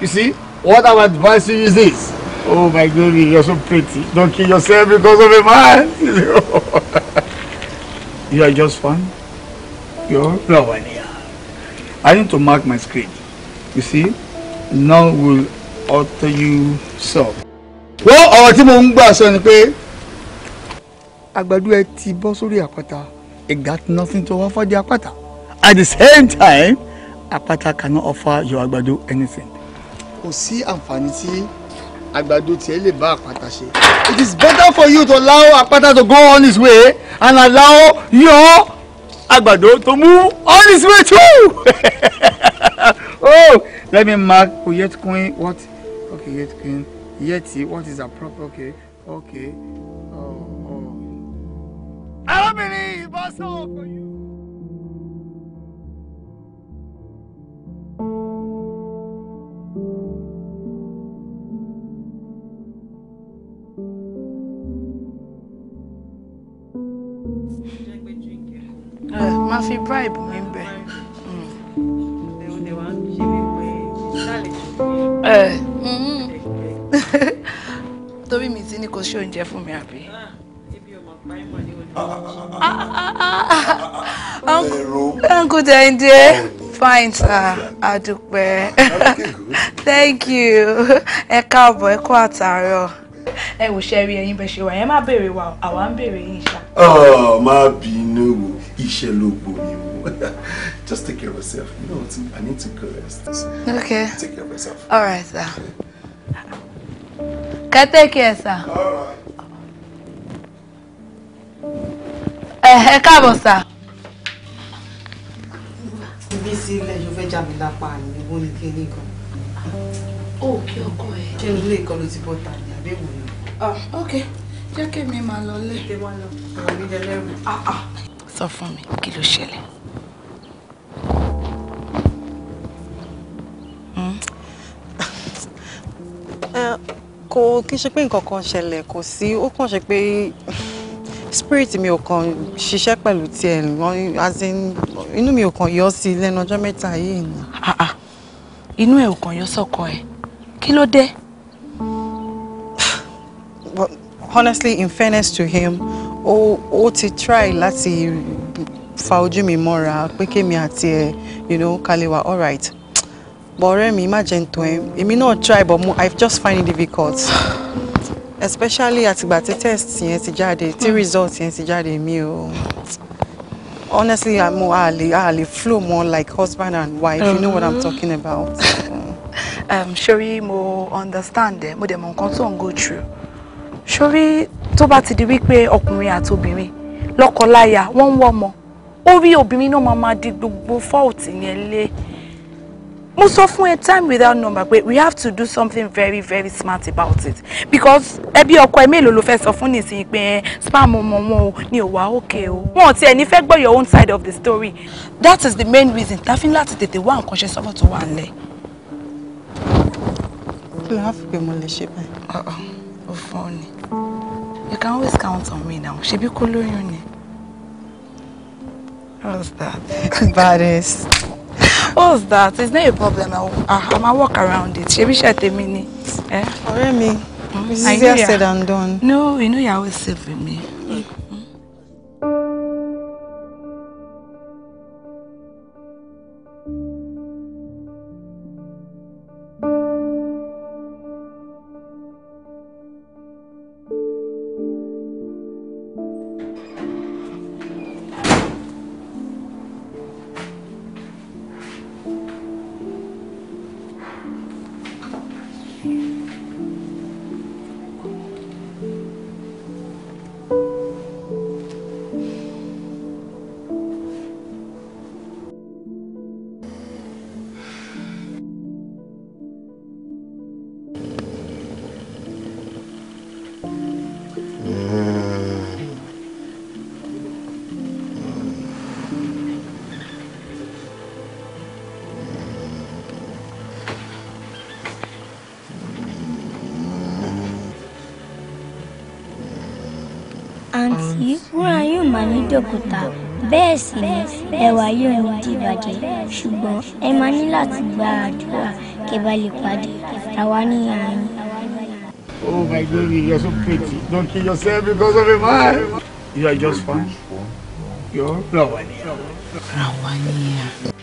A: You see, what I'm advising you is this. Oh my baby, you're so pretty. Don't kill yourself because of a man. you are just fun. You're no Ravania. I need to mark my screen. You see, now will alter you so. Well, our team won't go, àgbàdo ẹ ti bọ́ sórí àpáta ìgbà tí nothing to offer the àpáta at the same time àpáta cannot offer your àgbàdo anything. kò sí àǹfààní tí àgbàdo tiẹ̀ lè bá àpáta ṣe. it is better for you to allow àpáta to go on his way and allow your àgbàdo to move on his way too. oh let me mark oyetokunrin what okay oyetokunrin yeti what is appropriate okay okay. I don't believe I saw for you.
C: máa fi bribe mi bẹ. Mm-hmm. torí mi ti ní kò sí oúnjẹ fún mi àbí. Ah, ah, ah, uncle dende fine sir adúpẹ́ thank you ẹ káàbọ̀ ẹ kú àtàárọ̀ ẹ wò ṣe rí ẹyin bẹ ṣe wà ẹ má béèrè wa àwa ń béèrè yín ṣá.
A: ọ má bínú
E: just take care of yourself you know what? i need to go rest.
C: okay take care of yourself. all right sir. Take care, sir. all right ẹ eh, ẹ eh, káàbọ̀ sà. ibi
D: sí ilé yóò fẹ́ jà mí lápá ni ìwọ ni kí ni gan.
C: ó kí ọkọ ẹ. ṣé ilé
D: ìkan ló ti bọ́ ta ni àbí èwo ni.
C: Ah, ok jẹ́ kí mi máa lọ lé. ṣé wọ́n lọ ọ̀rọ̀
D: mi jẹ lẹ́rù. Ah, ah.
C: sọ fún mi kí ló ṣẹlẹ̀.
D: Hmm? Eh, kò kí ṣe pé nǹkan kan ṣẹlẹ̀ kò sí ó kàn ṣe pé spirit mi ò kàn ṣiṣẹ́ pẹ̀lú tiẹ̀ as in inú mi ò kàn yọ sí lẹ́nu ọjọ́ mẹ́ta yìí ni. Ah, ah. inú ẹ̀ ò kàn yọ sọ́kọ ẹ̀ kí ló dé. but honestly in fairness to him ó ó ti try láti fa ojú mi mọ́ra pé kémi àti ẹ̀ you know ká lè wà alright but ọ̀rẹ́ mi má jẹun tó ẹ̀ èmi náà try but mo i just find it difficult. especially àtìgbà tí test yẹn ti jáde tí hmm. result yẹn ti jáde mi o honestly i'm a lè a lè flow more like husband and wife you know what i'm mm-hmm. talking about.
C: um, sori mo understand ẹ mo dẹ̀ mọ̀ nǹkan tó ń go through sori tó bá ti di wípé ọkùnrin àti obìnrin lọ́kọláya wọ́n ń wọ́mọ ó rí obìnrin náà máa ma di gbogbo fault yẹn lé Most often, fún time without number pé we have to do something very very smart about it because ẹbí ọkọ ẹ mélòó ló fẹ́ sọ fún me eh, spam ọmọ wọn o ní òwà òkè o wọn ò tiẹ̀ ní fẹ́ your own side of the story that is the main reason tàfi láti tètè wá nǹkan ṣe sọ́fọ̀ tó wà nílẹ̀. kí ló á fi pé mo lè ṣe báyìí. Uh-uh. ó you can always count on me now She be cool, you ni. how's that. baddest. What's that? It's not a problem. I'll, ah, I'll walk around it. Ṣebí iṣẹ́ tèmi ni. Eh? Ọ̀rẹ́ mi, it's hmm? easier said than done. No, you know you're always saving me. Mm.
B: lòkúta bẹ́ẹ̀ sì ni ẹwà yóò ní dìbàjẹ́ ṣùgbọ́n ẹ máa ní láti gba àdúrà kẹ́ lè pàdé àwa ní àárín.
A: Oh my God, you're so pretty. Don't kill yourself because of a man. You are just fun. You're Rawaniya. Rawaniya.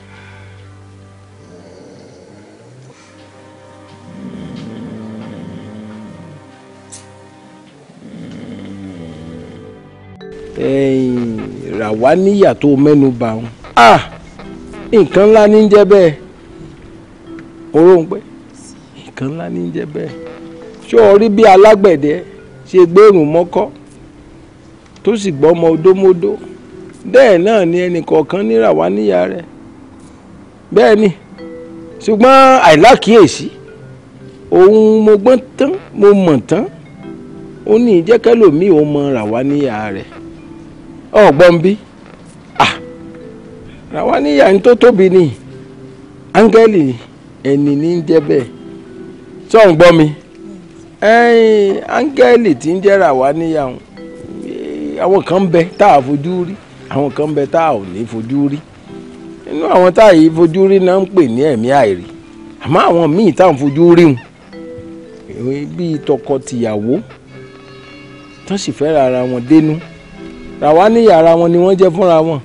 B: àwa níyà tó mẹ́nu bà wọn. ah nǹkan ńlá ní jẹ́ bẹ́ẹ̀ oró ń pẹ́ nǹkan ńlá ní jẹ́ bẹ́ẹ̀ ṣé o rí bí alágbẹ̀dẹ ṣe gbẹ́rùn mọ́kọ́ tó sì gbọ́mọ odómódó bẹ́ẹ̀ náà ni ẹnìkọ̀ọ̀kan níra wá níyà rẹ̀ bẹ́ẹ̀ ni ṣùgbọ́n àìlákìyèsí òun mo gbọ́n tán mo mọ̀ tán ó ní ìjẹ́kẹ́lòmíì ó mọ ràwá níyà rẹ̀ ọ̀gbọ́n bíi àwa níyà ní tó tóbi ni áńgẹ́lì ẹni ní ń jẹ́ bẹ́ẹ̀ tí òun gbọ́ mi áńgẹ́lì tí ń jẹ́ra àwa níyà àwọn kan bẹ tá a fojú rí àwọn kan bẹ tá a ò ní fojú rí inú àwọn tá a yìí fojú rí náà ń pè ní ẹ̀mí àìrí àmọ́ àwọn míì tá à ń fojú rí wọn bíi tọkọ-tìyàwó tán sì fẹ́ra ara wọn dénú ràwa níyà ara wọn ni wọ́n jẹ́ fúnra wọn.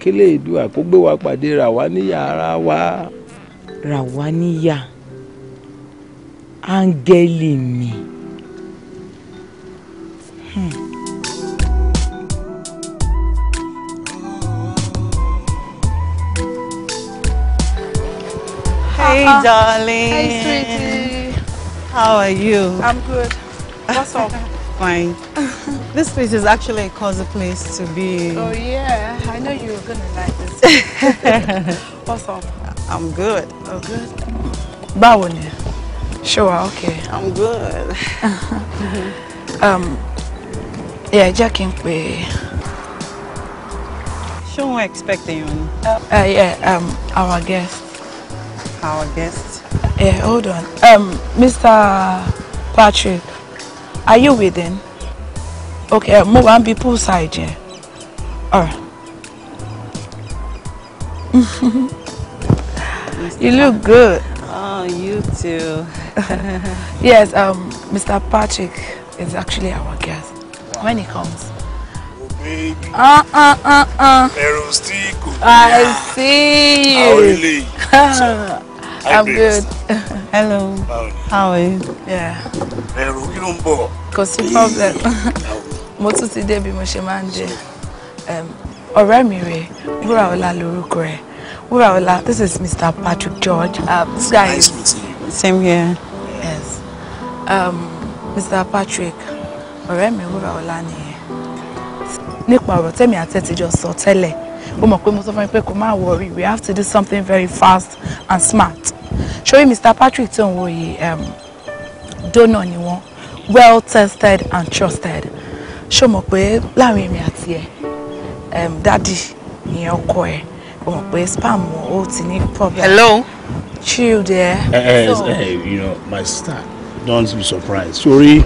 B: kílè ìdúà kó gbé wa pàdé ràwáníyà ara wa.
C: ràwáníyà áńgẹ́lì mi. Hmm.
D: Hey, darling. Hey,
C: sweetie.
D: How are you? I'm good. What's up? fine. this place is actually a cozy place to be. Oh
C: yeah, I know you're gonna like this. What's up? I'm good. Oh good. Báwo Sure, okay. I'm good. um, yeah, jẹ́ kí n pè.
D: Ṣé expecting you? Uh,
C: uh, yeah, um, our guest. Our guest? Yeah, hold on. Um, Mr. Patrick. Are you within? Okay, mo wà ń bi poolside yẹn. Alright. you look good. Oh, you too. yes, um, Mr. Patrick is actually our guest. Wow. When he comes. Oh, baby. Uh uh uh uh. Aerostico. I see you. How are you? I'm good. Hello. How are you? How are you? Yeah.
E: Ẹ̀rù
C: kò problem mo tún ti dé bí mo ṣe máa ń dé ọ̀rẹ́ mi rèé wúràọlá lórúkọ rẹ̀ wúràọlá this is mr patrick george um, this guy is same here yes um, mr patrick ọ̀rẹ́ mi wúràọlá nìyẹn nípa ọ̀rọ̀ tẹ̀mí àtẹ̀tìjọ sọ tẹ́lẹ̀ ó mọ̀ pé mo sọ fún mi pé kò má worry we have to do something very fast and smart ṣórí mr patrick tó ń wo yìí dónà ni wọ́n well tested and trusted ṣó mọ̀ pé láàrin èmi àti ẹ̀ dádì ìyẹn ọkọ ẹ̀ o mọ̀ pé spam o ti ní problem. hello. chill there. ẹ ẹ ẹ
A: you know my sister don't be surprised sórí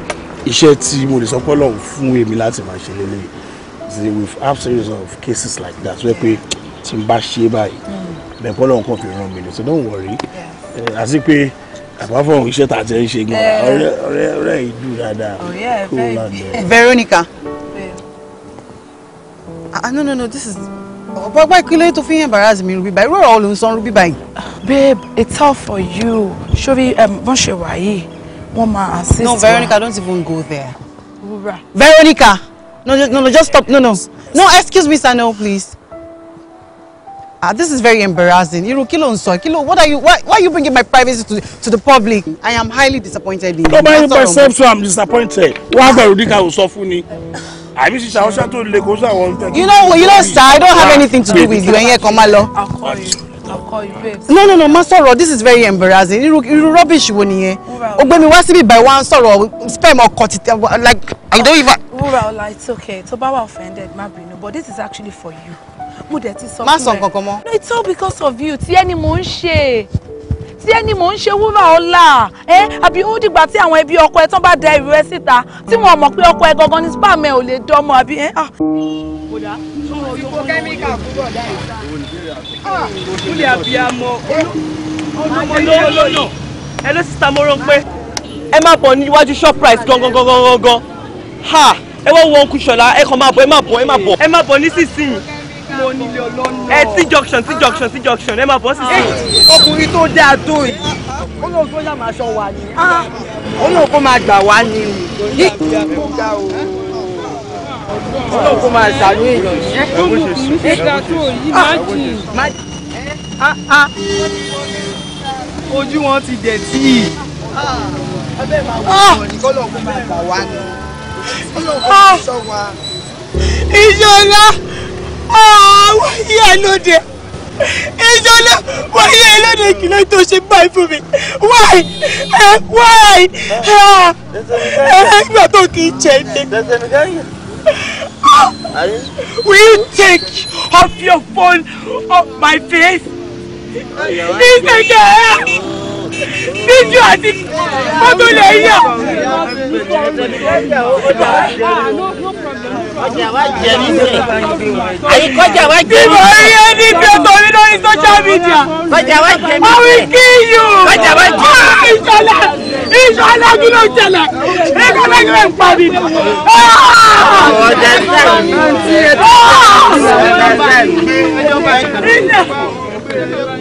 A: iṣẹ́ tí mo lè sọ pé Ọlọ́run fún èmi láti máa ṣe lélẹ̀ we have series of cases like that wẹ́ pé tí n bá ṣe báyìí
F: hmm.
A: bẹ́ẹ̀ pé Ọlọ́run kàn fi ràn mí ni so don't worry As eh, pé. Yeah apart from iṣẹ́ tá ti ń ṣe gan eh. ọ̀rẹ́ ọ̀rẹ́ ọ̀rẹ́ yìí dùn dáadáa oh, kó o lọ jẹ.
D: Veronica ah no no no this is ọ̀pọ̀pọ̀ ìpínlẹ̀ tó fi ń embarrass mi rúbí báyìí rọ̀rọ̀ ló ń san rúbí báyìí. babe it's all for you sori wọ́n ṣe wà yìí wọ́n máa assist. no Veronica don't even go there. Veronica no no no just stop no no no excuse me sir no please ah this is very embarrassing You kí ló ń sọ what are you why, why are you bringing my privacy to, to the public i am highly disappointed in you. nobody you myself
A: so i'm disappointed wọ́n á gbẹ̀rù díkà ò sọ fún ni àbí ṣiṣẹ́ àwọn ṣáà tó le kó sọ you know you know sir i don't have anything to do with you ẹ̀yin ẹ̀kan come along,
C: i'll call you i'll call you babe.
D: no no no má sọ̀rọ̀ this is very embarrassing irú irú rubbish wo nìyẹn
C: o gbé mi wá síbi ìbá
D: ìwà ń sọ̀rọ̀ cut it. like i don't even.
C: wúrà ọ̀la it's okay tó bá offended má but this is actually for you mo dẹ̀ ti sọ fún ẹ. má sọ nǹkan kan mọ́. no it's all because of you tí ẹni mò ń ṣe tí ẹni mò ń ṣe wúrà ọ̀la ẹ àbí ó dìgbà tí àwọn ẹbí ọkọ ẹ tán bá da ìrù ẹ síta tí wọn mọ̀ pé ọkọ ẹ gangan ní spam ẹ ò lè dánmọ àbí ẹ. kódà sọ̀rọ̀ yóò kọ́ kẹ́míkà kúrò dá ẹ ló sísá mọ́rọ́
A: pé. ẹ má bọ̀ níwájú shoprite gangan gangan ha ẹ wá wo okùn ṣọlá ẹ kàn máa bọ̀ ẹ má bọ̀ ẹ má bọ̀. ẹ má bọ̀ nísinsìnyí ẹ tí junction tí junction tí junction ẹ máa bọ́ sí sí. ọkùnrin tó dáa tó yìí ó lóun tó yà máa ṣọ́ wa ni ó lóun kó máa gbà wá ni
B: ó lóun kó máa ṣàánú èèyàn. ẹ̀kọ́ mi kì í ṣe ga tó yìí
F: má
D: jì ah, ah. ojú wọn ti dẹ̀ tí.
A: ẹbẹ́ máa wọ ọ̀nì kọ́lọ̀ kó máa gbà wá ni. Ah! ìṣọ̀lá. Ah, why why are you you not there? wáyé àlóde ìjọlá wáyé àlóde kìlọ̀ tó ṣe báyìí fún Why? wáyé eh, Why? wáyé ah, ẹ eh, ìgbà tó kì í jẹ mi. Ah, will you take off your phone off my face? This again! fídíò àti
D: fọ́tò lè yà.
A: Ayi kọjá wa jẹ mi. Bí mo rí ẹni gbẹ̀tọ̀ mi lórí social media. Kọjá wa jẹ mi. I will kill you. Kọjá wa jẹ mi. Ìṣọ̀lá
F: Ìṣọ̀lá kí ló jẹlẹ̀? Ẹgbẹ́ bẹ́ẹ̀ gbẹ̀ ń pa mi. Ọ̀dà sẹ́yìn. Ọ̀dà sẹ́yìn.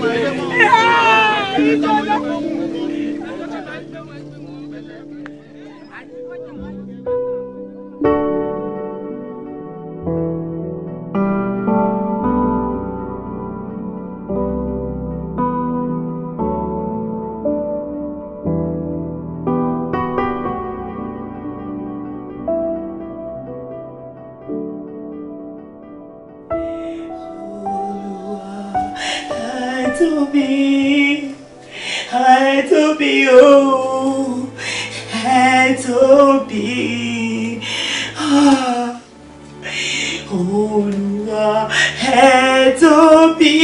F: Had to tóbi ẹ tóbi o oh, tóbi
C: Olúwa ẹ tóbi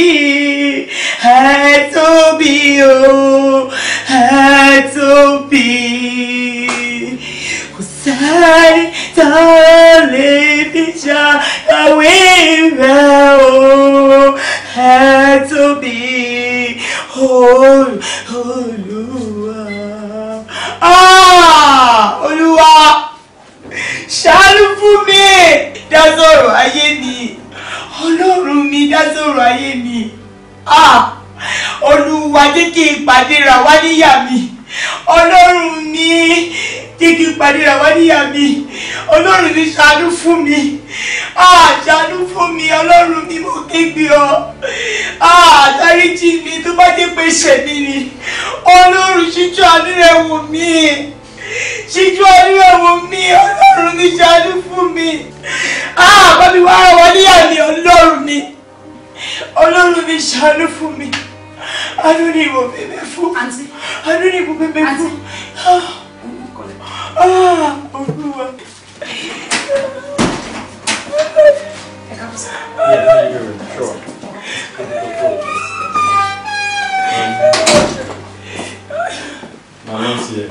C: ẹ tóbi o ẹ had to
F: be, tá a ah. lè
C: fi jà kàwé rẹ o had to be oh, Olúwa.
A: Ah, Olúwa ṣàánú fún mi dásọ̀rọ̀ ayé ni ọlọ́run mi dásọ̀rọ̀ ayé ni ah, olúwa jẹ́ kí n pàdé ra wá níyà mi ọlọ́run mi jẹ́ kí n pàdé ra wá níyà mi ọlọ́run ní ṣàánú fún mi ṣàánú fún mi ọlọ́run mi mo kébi ọ àdáríjì mi tó bá jẹ́ pé ṣèmi ni ọlọ́run ṣíjú àánú rẹ̀ wò mí ṣíjú àánú rẹ̀ wò mí ọlọ́run ní ṣàánú fún mi bábí wàá wọ ní àmì ọlọ́run mi ọlọ́run ní ṣàánú fún mi àánú ni ìwọ bẹ̀bẹ̀ fún àánú ni ìwọ bẹ̀bẹ̀ fún ah. Ah, olúwa. Yeah, you're sure. Màmá sí ẹ.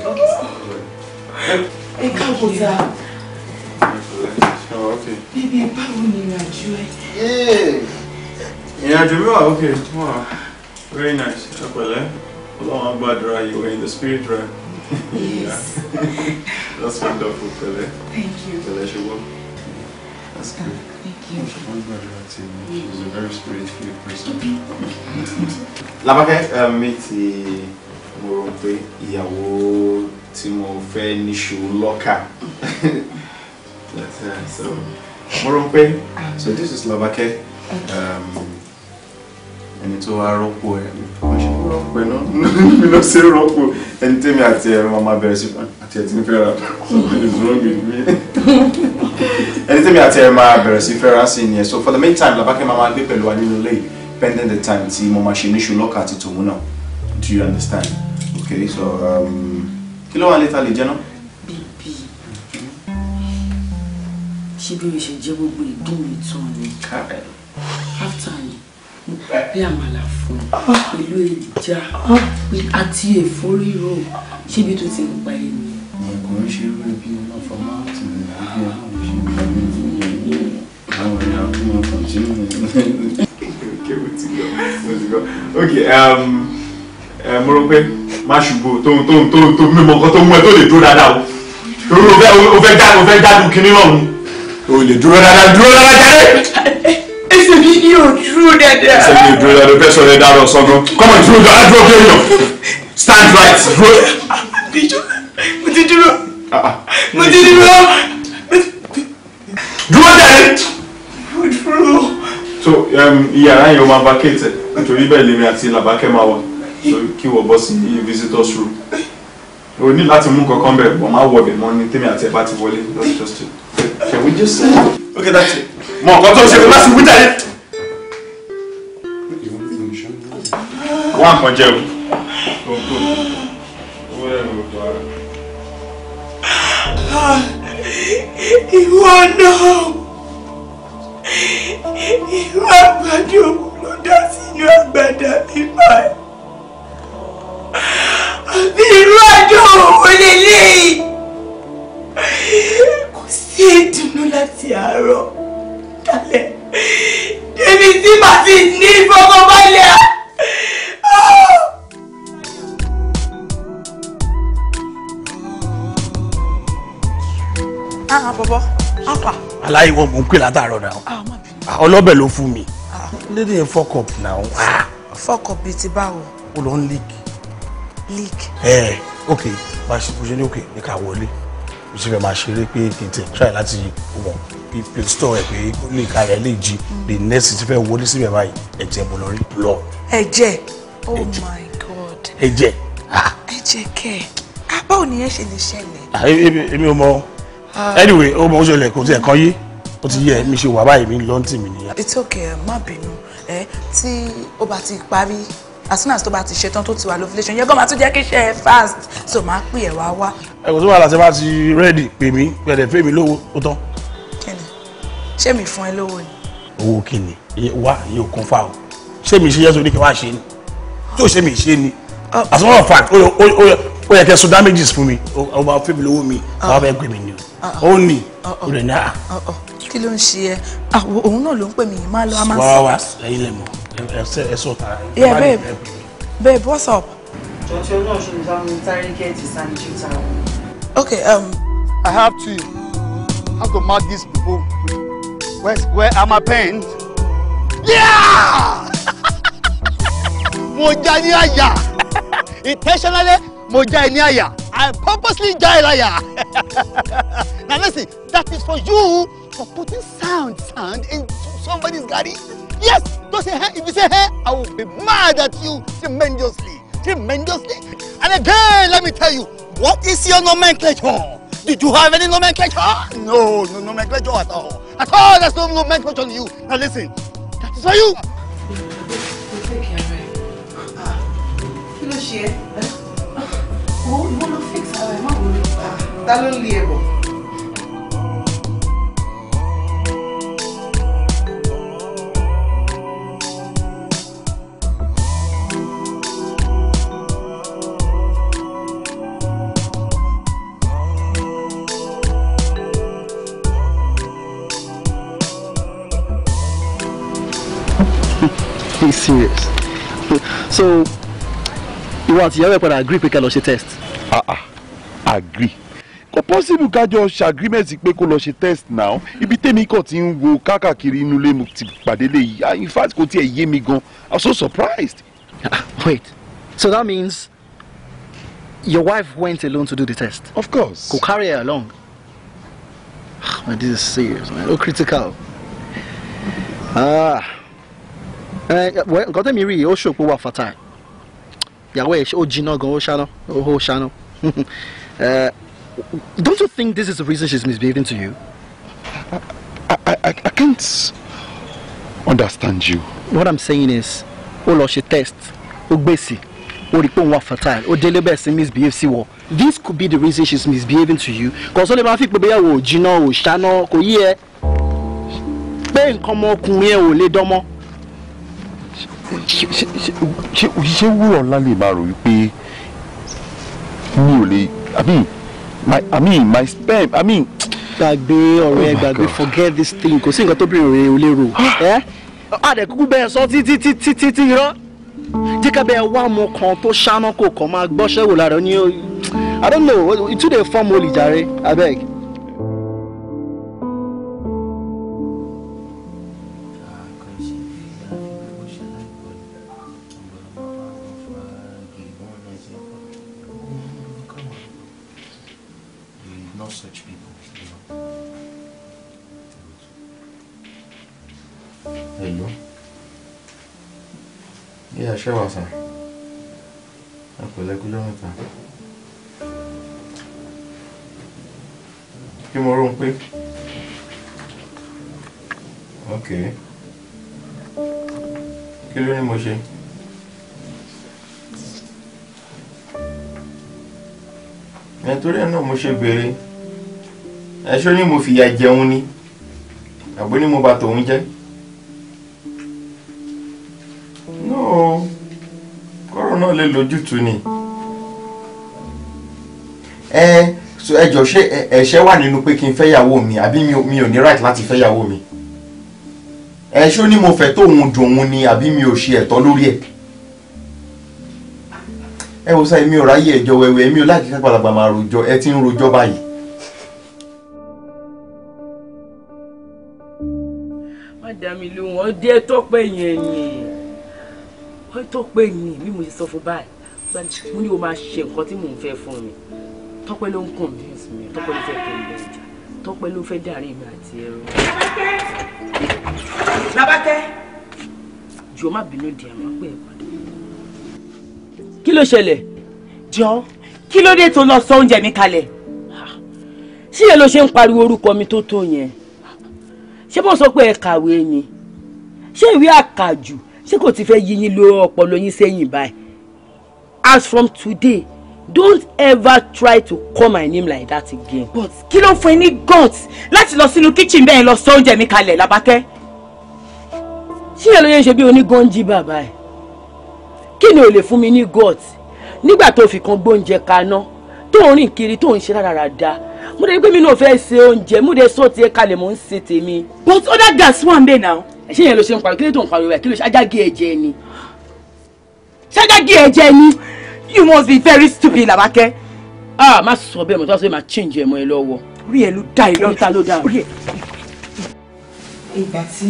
A: Ẹ káàbọ̀ sá. Bíbí báwo ni ìrìnàjò ẹ? Ìrìnàjò mi wà okay, wà very nice, ẹ pẹ̀lẹ́, Ọlọ́run á gbàdúrà yìí, You're in the spirit right? Yes. That's wonderful, Pele. Thank you. Pele Shubo.
E: That's good. Thank you. She's graduating.
A: She's a very spiritual person. Labake, meet um, ti mo rò pé ìyàwó tí mo fẹ́ That's her, uh, so. Mo So this is Labake. Um, ẹni tó wá rọ́pò rọpẹ náà mi ló ṣe rọpò ẹni tẹ́mi àti ẹ̀rọ máa bẹ̀rẹ̀ sí àti ẹ̀ tí ń fẹ́ra ìdúró gbèdú yẹn ẹni tẹ́mi àti ẹ̀rọ máa bẹ̀rẹ̀ sí fẹ́ra sí ni ẹ̀ so for the meantime labake máa gbé pẹ̀lú wa nínú ilé pending the time tí mo máa ṣe níṣu lọ́kà àti tòun náà do you understand okay so um, kí ló wà létà lè jẹ́ náà. bíbí ṣé
C: bí mo ṣe jẹ́ gbogbo ìdún mi tán ni after ni bí àmàlà fún pẹ̀lú ẹja àti ẹ̀fọ́ rírò ṣébi tó ti ń pa ẹni. ọkùnrin ṣe rú bí ọlọ́fọ̀ máa tún ní àbí àwọn òṣèlú ní
A: àwọn ènìyàn tó máa kàn sí ní. okay mo ti gbọ́ mo ti gbọ́ okay um, mo rò pé má ṣubú tó tó tó tó mímọ nǹkan tó mú ẹ tó lè dúró dáadáa o torí o fẹ́ o fẹ́ dá o fẹ́ dá dùn kínní náà o lè dúró dáadáa dúró dáadáa jáde. ṣe bí ní òdúró dáadáa. ṣe bí òdúró dáadáa fẹ́ sọ̀rọ̀ ẹ̀dá rọ̀ sọ́nà kọ́mọ̀ dúró dáadáa dúró kéèyàn stand right dúró. mo ti dúró mo ti dúró. dúró dẹ̀.
F: mo dúró.
A: so iyàrá yẹn o máa vacate nítorí bẹ́ẹ̀ lèmi àti làbákẹ́ máa wà kí wọ́n bọ́ sí visitors room o ní láti mú kankan bẹ́ẹ̀ wọ́n máa wọ̀ bẹ̀ mọ́ ní tèmi àti ẹ̀ bá ti wọlé that's just it can we just say okay that's it mọ ọkọ tó ṣe fún láti wí jáde. wá nǹkan jẹ o.
F: ìwọ náà ìwọ àgbàdo ló dá sínú
A: àgbàdá mi báyìí àbí irú àjọ òun lélẹ́yìí kò sí ìdùnnú láti àárọ̀ dalẹ̀ débi tí màtí ní ìfọkànbalẹ̀.
C: Ah, ah, bọ̀bọ̀, apa.
A: Aláyé wọn mò ń pè látàárọ̀ náà. Ah, má bínú. Ah, ọlọ́bẹ̀ ló fún mi. Ah. Lédè yẹn fọ́k ọ̀p náà. Ah.
C: Fọ́k ọ̀p bíi ti báwo. O lọ ń leak. Leak.
A: Ẹ ok, bá a ṣe bó ṣe ní òkè ní ká wọlé. Mo ṣe fẹ́ máa ṣeré pé kì í try láti wọ̀ play store ẹ̀ pé lè ka lè jí the next ti fẹ́ wọlé síbẹ̀ báyìí ẹ̀jẹ̀ mo lọ rí lọ.
C: ẹ̀jẹ̀ oh my god. ẹ̀jẹ̀. Ah. ẹ̀jẹ̀ kẹ̀ ah, báwo ni ẹ ṣe lè
A: ṣẹlẹ̀. èmi ah, ò mọ anyway ó mọ ó ṣẹlẹ̀ kò tiẹ̀ kan yé ó ti yẹ mi ṣe wà báyìí mi lọ́n tì mí nìyẹn.
C: it's okay má bínú ẹ tí ó bá ti parí as soon as tó bá ti ṣetán tó ti wà lófilation yẹn kó máa tún jẹ́ kí ṣe é fast so máa pè ẹ̀ wá wá.
A: ẹ kò tó wà láti bá ti rẹ́ẹ̀dì pè mí pẹ̀lẹ́ pè mí lówó ó tán
C: ṣé mi fún ẹ lówó ni.
A: owó kí ni wá yóò kún fáwọn ṣé mi ṣe yẹ́sọ̀ ní kí wá ṣe ni yóò ṣe mi ṣe ni ah. as a matter of fact ó yẹ kẹ́ sọ damages fún mi ó bá fẹ́ mi lówó mi ah. wá fẹ́ gbé mi ni ah, ó ní ó lè ní à.
C: kí ló ń ṣe ẹ òun náà ló ń pè mí má lọ a máa wá
A: ẹyin lẹ mọ ẹ sọ
E: tara ẹ má lè
C: babe what's up.
D: jọ̀ọ́tí olóòṣèlú mi bá mi sáré gẹ̀ẹ́tì sanitary
A: town. okay um. I have to. Have to mark these people. Where's, where are my pens? Yeah! mo ja ní àyà. Intentionally, mo ja ní àyà. I purposely ja ní àyà. Now listen, that is for you for putting sound sound in somebody's garden. Yes, don't say hey. If you say hey, I will be mad at you tremendously, tremendously. And again, let me tell you, what is your nomenclature? Did you have any nomenclature? No, no nomenclature at all. At all, there's no nomenclature on you. Now listen, that is for you. Kí ló ṣe ẹ́? Wọ́n lọ fix ara ẹ̀ máa wọlé. Ta ló serious so ìwọ àti ìyàwó ẹ padà agree pé ká lọ ṣe test. ah ah agree kò possible kájọ ṣàgrímẹ̀sì pé kó lọ ṣe test now ibi tèmi kàn ti ń wo káàkiri inú ilé mo ti pàdé lè yí ah, in fact kò tiẹ̀ yé mi gan i'm so surprised. Ah, wait so that means your wife went alone to do the test. of course. kò carry her along.
B: Ah, man this is serious man o oh,
A: critical. ah. Eh, nǹkan tẹ́mi rí
D: ó ṣòpó wà fata ìyàwó ẹ̀ ó jiná gan ó ṣáná ó ṣáná eh, don't you think this is the reason she's misbehaving to you.
A: I, I, I, I can't
E: understand you.
A: What I'm saying is ó lọ ṣe test ó gbèsè ó rí pé òun wà fertile ó délé bẹ́ẹ̀ sí misbehave sí wọ this could be the reason she's misbehaving to you kò sọ lè máa fi pé bẹ́ẹ̀ wò ó jiná ò ṣáná kò yí ẹ pé nǹkan ọmọkùnrin ẹ ò lè dánmọ́ ṣé wúrọ̀ ńlá lè máa rò wípé mi ò lè i mean my i mean my sperm i mean. gbàgbé ọ̀rẹ́ oh gbàgbé forget this thing kò sí nǹkan tó bìnrin rẹ̀ ò lè rò ah! ẹ́ àdẹ̀kúkú bẹ́ẹ̀ sọ títí títí títí irọ́ jíkẹ́ bẹ́ẹ̀ wá mu kan tó ṣáná kò kàn máa gbọ́ṣẹ́ wò lára ó ní oh, i don't know ìtúndẹ̀ fọ́ọ̀mù olùjàre abeg.
B: ṣe wà sàn ẹ kò lẹ́kújọ́ mẹ́ta kí mo rún pé ok kí ló ní mo ṣe.
A: nítorí ẹ̀ náà mo ṣe béèrè ẹ ṣó ní mo fìyà jẹun ni
B: àbó ní mo bà tòun jẹ́. lè lójútùú ni
A: ẹ ẹ jọ ṣé ẹ̀ṣẹ̀ wà nínú pé kí n fẹ́yàwó mi àbí mi ò ní right láti fẹ́yàwó mi ẹ ṣó ní mo fẹ́ tóun dùn òun ni àbí mi ò ṣe ẹ̀tọ́ lórí ẹ̀ ẹ wo sáyé mi ò ráyè ẹjọ́ wẹwẹ mi ò láti ká gbàlagbà máa rojọ́ ẹ ti ń rojọ́ báyìí.
B: má dá mi lóhùn ọdẹ tọpẹ yẹn ni
C: wọ́n tó pé ní bí mo ṣe sọ fún báyìí mo ní o máa ṣe nǹkan tí mò ń fẹ́ fún mi tọ́pẹ́ ló ń convince mi tọ́pẹ́ ló fẹ́ kí n lọ jà tọ́pẹ́ ló fẹ́ dàrin mi àti ẹrù. labakẹ́ jọ má bínú di àmọ́ pé ẹ
A: padà. kí ló ṣẹlẹ̀ jọ kí ló dé tó lọ sọ oúnjẹ mi kalẹ̀ ṣí yẹn ló ṣe ń pariwo orúkọ mi tó tó yẹn ṣé mo sọ pé ẹ kàwé ni ṣé ìwé àkàjù ṣé kò ti fẹ́ yí yín lo ọpọlọ yín sẹ́yìn báyìí as from today don't ever try to call my name like that again. but kí ló ń fún ẹ ní guts láti lọ sínú kitchen bẹ́ẹ̀ lọ sọ oúnjẹ mi kalẹ̀ làbákẹ́. ṣé ẹ ló yẹ ṣe bí onígànjí bàbá ẹ kí ni ò lè fún mi ní guts nígbà tó fi kan gbóúnjẹ kaná tó ń rìn kiri tó ń ṣe rárára dáa mo dé gbé mi náà fẹ́ ṣe oúnjẹ mo dé sọ tiẹ̀ kalẹ̀ mo ń ṣe tèmi. but other gas wà ń now. náà. ṣé yẹn ló ṣe ń pariwo kí ló tó ń pariwo ẹ̀ kí ló ṣe ajá gé ẹ̀jẹ̀ ni. ṣájà gé ẹ̀jẹ̀ ni you must be very stupid Làbákẹ́. ah má sọ bẹ́ẹ̀ mo tọ́ sọ pé máa change ẹ̀mọ́ ẹ lọ́wọ́. orí ẹ ló dá ẹ lọ́rùn ló dá ìgbà tí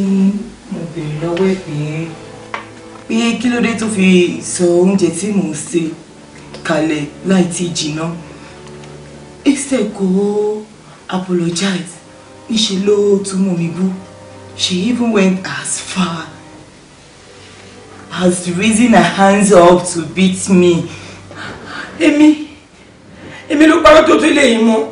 A: mo béèrè lọ́wọ́ ẹ̀ pé pé kí ló dé tó fi sọ oúnjẹ tí mò ń ṣe kalẹ̀ láì tí jìnnà
C: instead "Go apologize She ló to mú mi she even went as far as
A: raising her hands up to beat me. èmi èmi look, parọ́ to tó eléyìí mọ́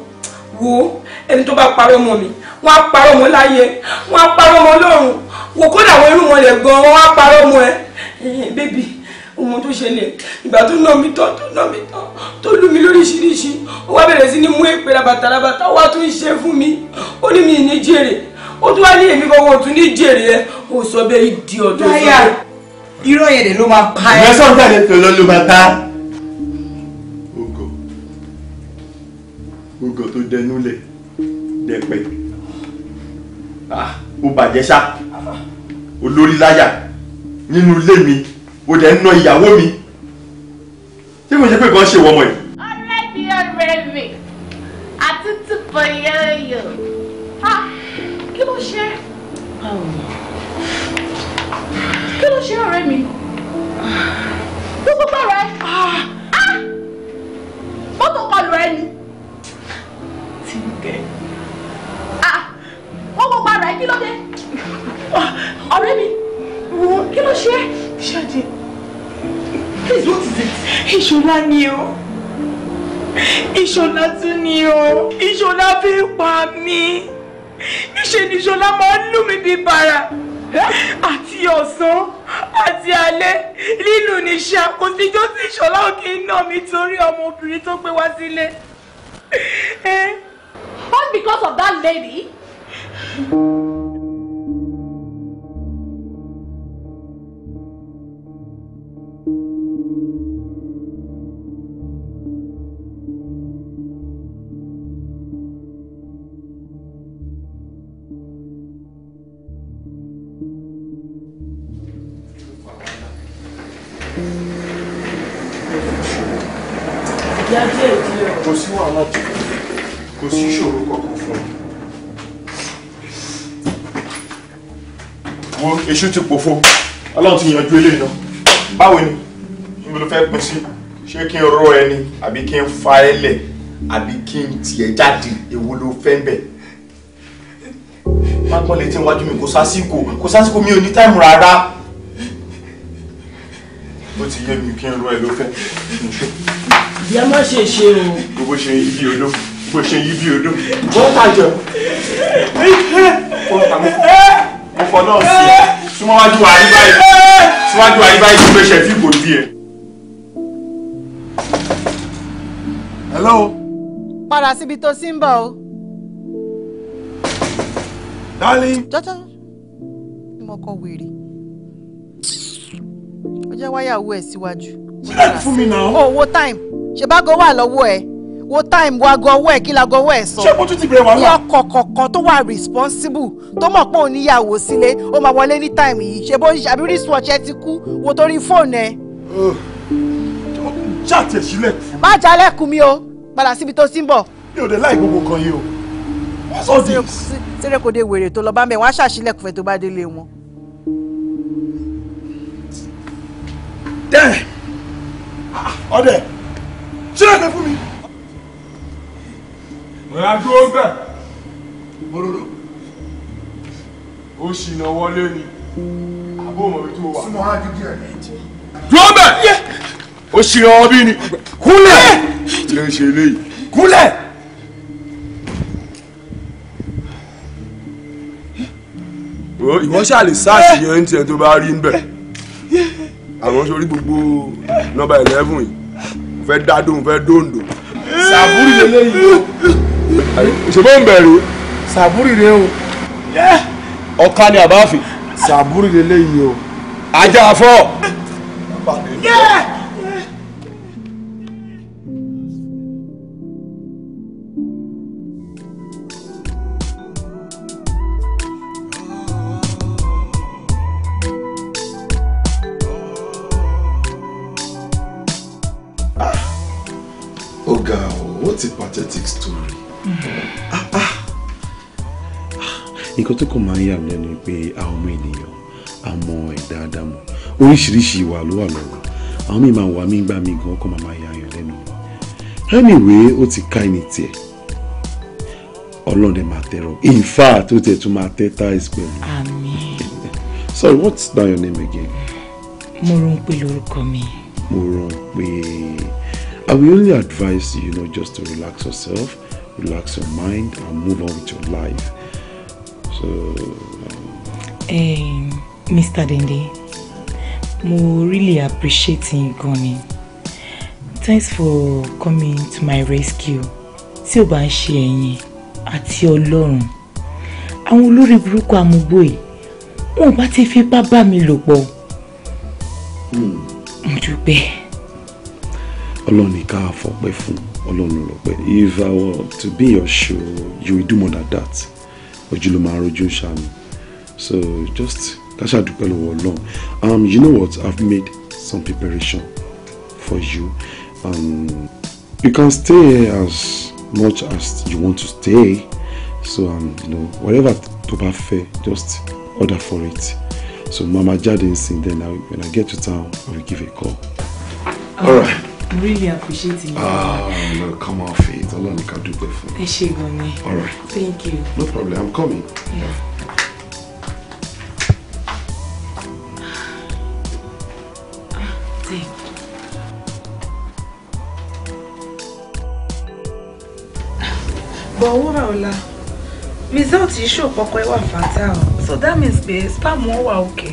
A: wo ẹni to bá parọ́ mọ́ mi wọ́n á parọ́ mọ́ láyé wọ́n á parọ́ mọ́ lọ́run wò kódà àwọn irú mọ́lẹ̀ gan-an wọ́n
B: á
A: ọmọ tó ṣẹlẹ̀ ìgbà tó nà mí tán tó nà mí tán tó lù mí lóríṣiríṣi ó wá bẹ̀rẹ̀ sí ní mú èpè rabata rabata ó wá tún ṣe fún mi ó ní mi ní jèrè ó tún wá ní èmi gbọ́wọ́ tún ní jèrè ẹ kò sọ bẹ́ẹ̀ di ọ̀dọ́ sọ bẹ́ẹ̀. irọ́ yẹn ló máa pa ẹ́. ìrẹsọ̀ ń tẹ̀lé tó lọ́lú bàtà. ogò ogò tó dẹnu lẹ̀ dẹ̀pẹ̀ ah, ó bàjẹ́ ṣá olórí láyà nínú ilé mi o dẹ̀ ń na ìyàwó mi ṣé kò ṣe pé nǹkan ṣe wọ́n mọ̀ yìí.
C: ọ̀rẹ́ mi ọ̀rẹ́ mi àti tìpọ̀ yẹ́yọ̀ kí ló ṣe kí ló ṣe ọ̀rẹ́ mi
A: gbogbo bọ̀rọ̀ mọ́tò kọlù ẹ tí ń kẹ́ wọ́n gbogbo ara kí ló dé ọ̀rẹ́ mi kí ló ṣe Please, what is it? Ìṣọ̀lá ni o. Ìṣọ̀lá tún ni o. Ìṣọ̀lá fi pa mí. Ìṣe ni Ìṣọ̀lá máa ń lù mí bí bàrà. Àti ọ̀sán àti alẹ́ lílù ní ṣàkóso tí Ìṣọ̀lá ò kí ń nà mí torí ọmọbìnrin tó gbé wá sílé.
C: Eh? All because of that lady.
A: èṣù ti pòfo ọlọ́run ti yanjú eléyìí náà báwo ni n bolo fẹ́ pín sí ṣé kí n rọ ẹni àbí kí n fa ẹ lẹ̀ àbí kí n tiẹ̀ jáde èwo ló fẹ́ bẹ̀ má gbọ́n létí iwájú mi kò sásìkò kò sásìkò mi ò ní táìmù rárá ó ti yé mi kí n rọ ẹ ló fẹ́ ìyá má ṣe ṣe o gbogbo ṣe yí bí odó bó ṣe yí bí odó wọ́n pàjọ mo fọ náà sí ẹ súnmọ́wájú àríwá yìí súnmọ́wájú àríwá yìí pé ṣẹ́fí kò di ẹ̀. hello.
D: padà síbi tó sí ń bọ̀ o. darling. jọ́tọ́ ni mo kọ wèrè ó wáyà owó ẹ̀ síwájú. sílẹ̀ fún mi náà. Oh, owó time ṣe bá go wà lọ́wọ́ ẹ̀ wo time wa gan ọwọ́ ẹ̀ kí la gan ọwọ́ ẹ̀ sọ. ṣé mo tún ti bẹ̀rẹ̀ wàhálà. yọ kọ̀kọ̀kan tó wà responsible tó mọ̀ pé òun níyàwó sílé ó máa wọlé ní time yìí ṣe bó ṣàbí wristwatch ẹ ti kú wo torí fóònù
A: ẹ. já tiẹ̀ sílẹ̀. má jalẹ̀ kú mi o padà síbi tó ti ń bọ̀. mi ò dé láì gbogbo kan yìí o. what's all this. sẹ́rẹ̀ kò dé wèrè tó lọ bá
D: mẹ́wàá ṣàṣìlẹ̀kùn fẹ́ tó bá délé wọn.
A: damn ah, ah, ọdẹ ṣílẹ̀kùn fún mi ọ̀yà dúró bẹ̀. ìgbòròdò. ó sì nà wọlé ni àbó mọ̀ bí tó wà. súnmọ́ ágídí ẹ̀. dúró bẹ̀. ó sì nà ọbí ni. kúnlẹ̀. ilé ń ṣe eléyìí. kúnlẹ̀. ìwọ ṣáà lè sáàsì yẹn ń tiẹ̀ tó bá rí ń bẹ̀ àwọn sórí gbogbo nọ́mbà eleven yìí fẹ́ dá dóhùn fẹ́ dóńdó sàbúrì lélẹ́yìn ṣèbó ń bẹ̀rù. sàbúrì rẹ o. ọ̀ka ni àbáfin. sàbúrì rẹ léyìí o. ajá fọ́.
E: oríṣiríṣi ìwà ló wà lọ́wọ́ àwọn míì máa wà mí gbà mí gan ọkọ̀ màmá ìyá yàn lẹ́nu anyway ó ti ká ẹni tiẹ̀ ọlọ́dẹ máa tẹ̀rọ in fact ó tiẹ̀ tún máa tẹ́ táìsì pẹ̀lú.
C: àmín.
E: sorry what's now your name again.
C: Mọ́rọ̀ǹpé lórúkọ mi.
E: Mọ́rọ̀ǹpé I will only advise you, you know, just to relax yourself relax your mind and move on with your life so. Um,
C: hey, Mr. Dende mo really appreciate you gan thanks for coming to my rescue tí ò bá ń ṣe ẹ̀yin àti ọlọ́run àwọn olórí burúkú amúgbó yìí wọn ò bá ti fipá bá mi lò pọ̀ hmm. mo dúpẹ́.
E: ọlọ́run ní ká fọpẹ́ fún ọlọ́run lọ́pẹ́ if i were to be your show, you will do more than that ojú ló máa rojú ṣàmì so just káṣá dúpẹ́ lọ́wọ́ ọlọ́run um you know what I've made some preparation for you um you can stay as much as you want to stay so um you know whatever to buffet, just order for it so mama jade nsing then I, when I get to town I will give a call. Um, all
B: right. really appreciating you. Ah,
E: no, come off it. Allah, I can do that for you. All right. Thank you. No problem. I'm coming.
C: Yeah. Ọlá, result yìí ṣòpọ̀pọ̀ ẹ wà fatal so that means pé spam wọn okay.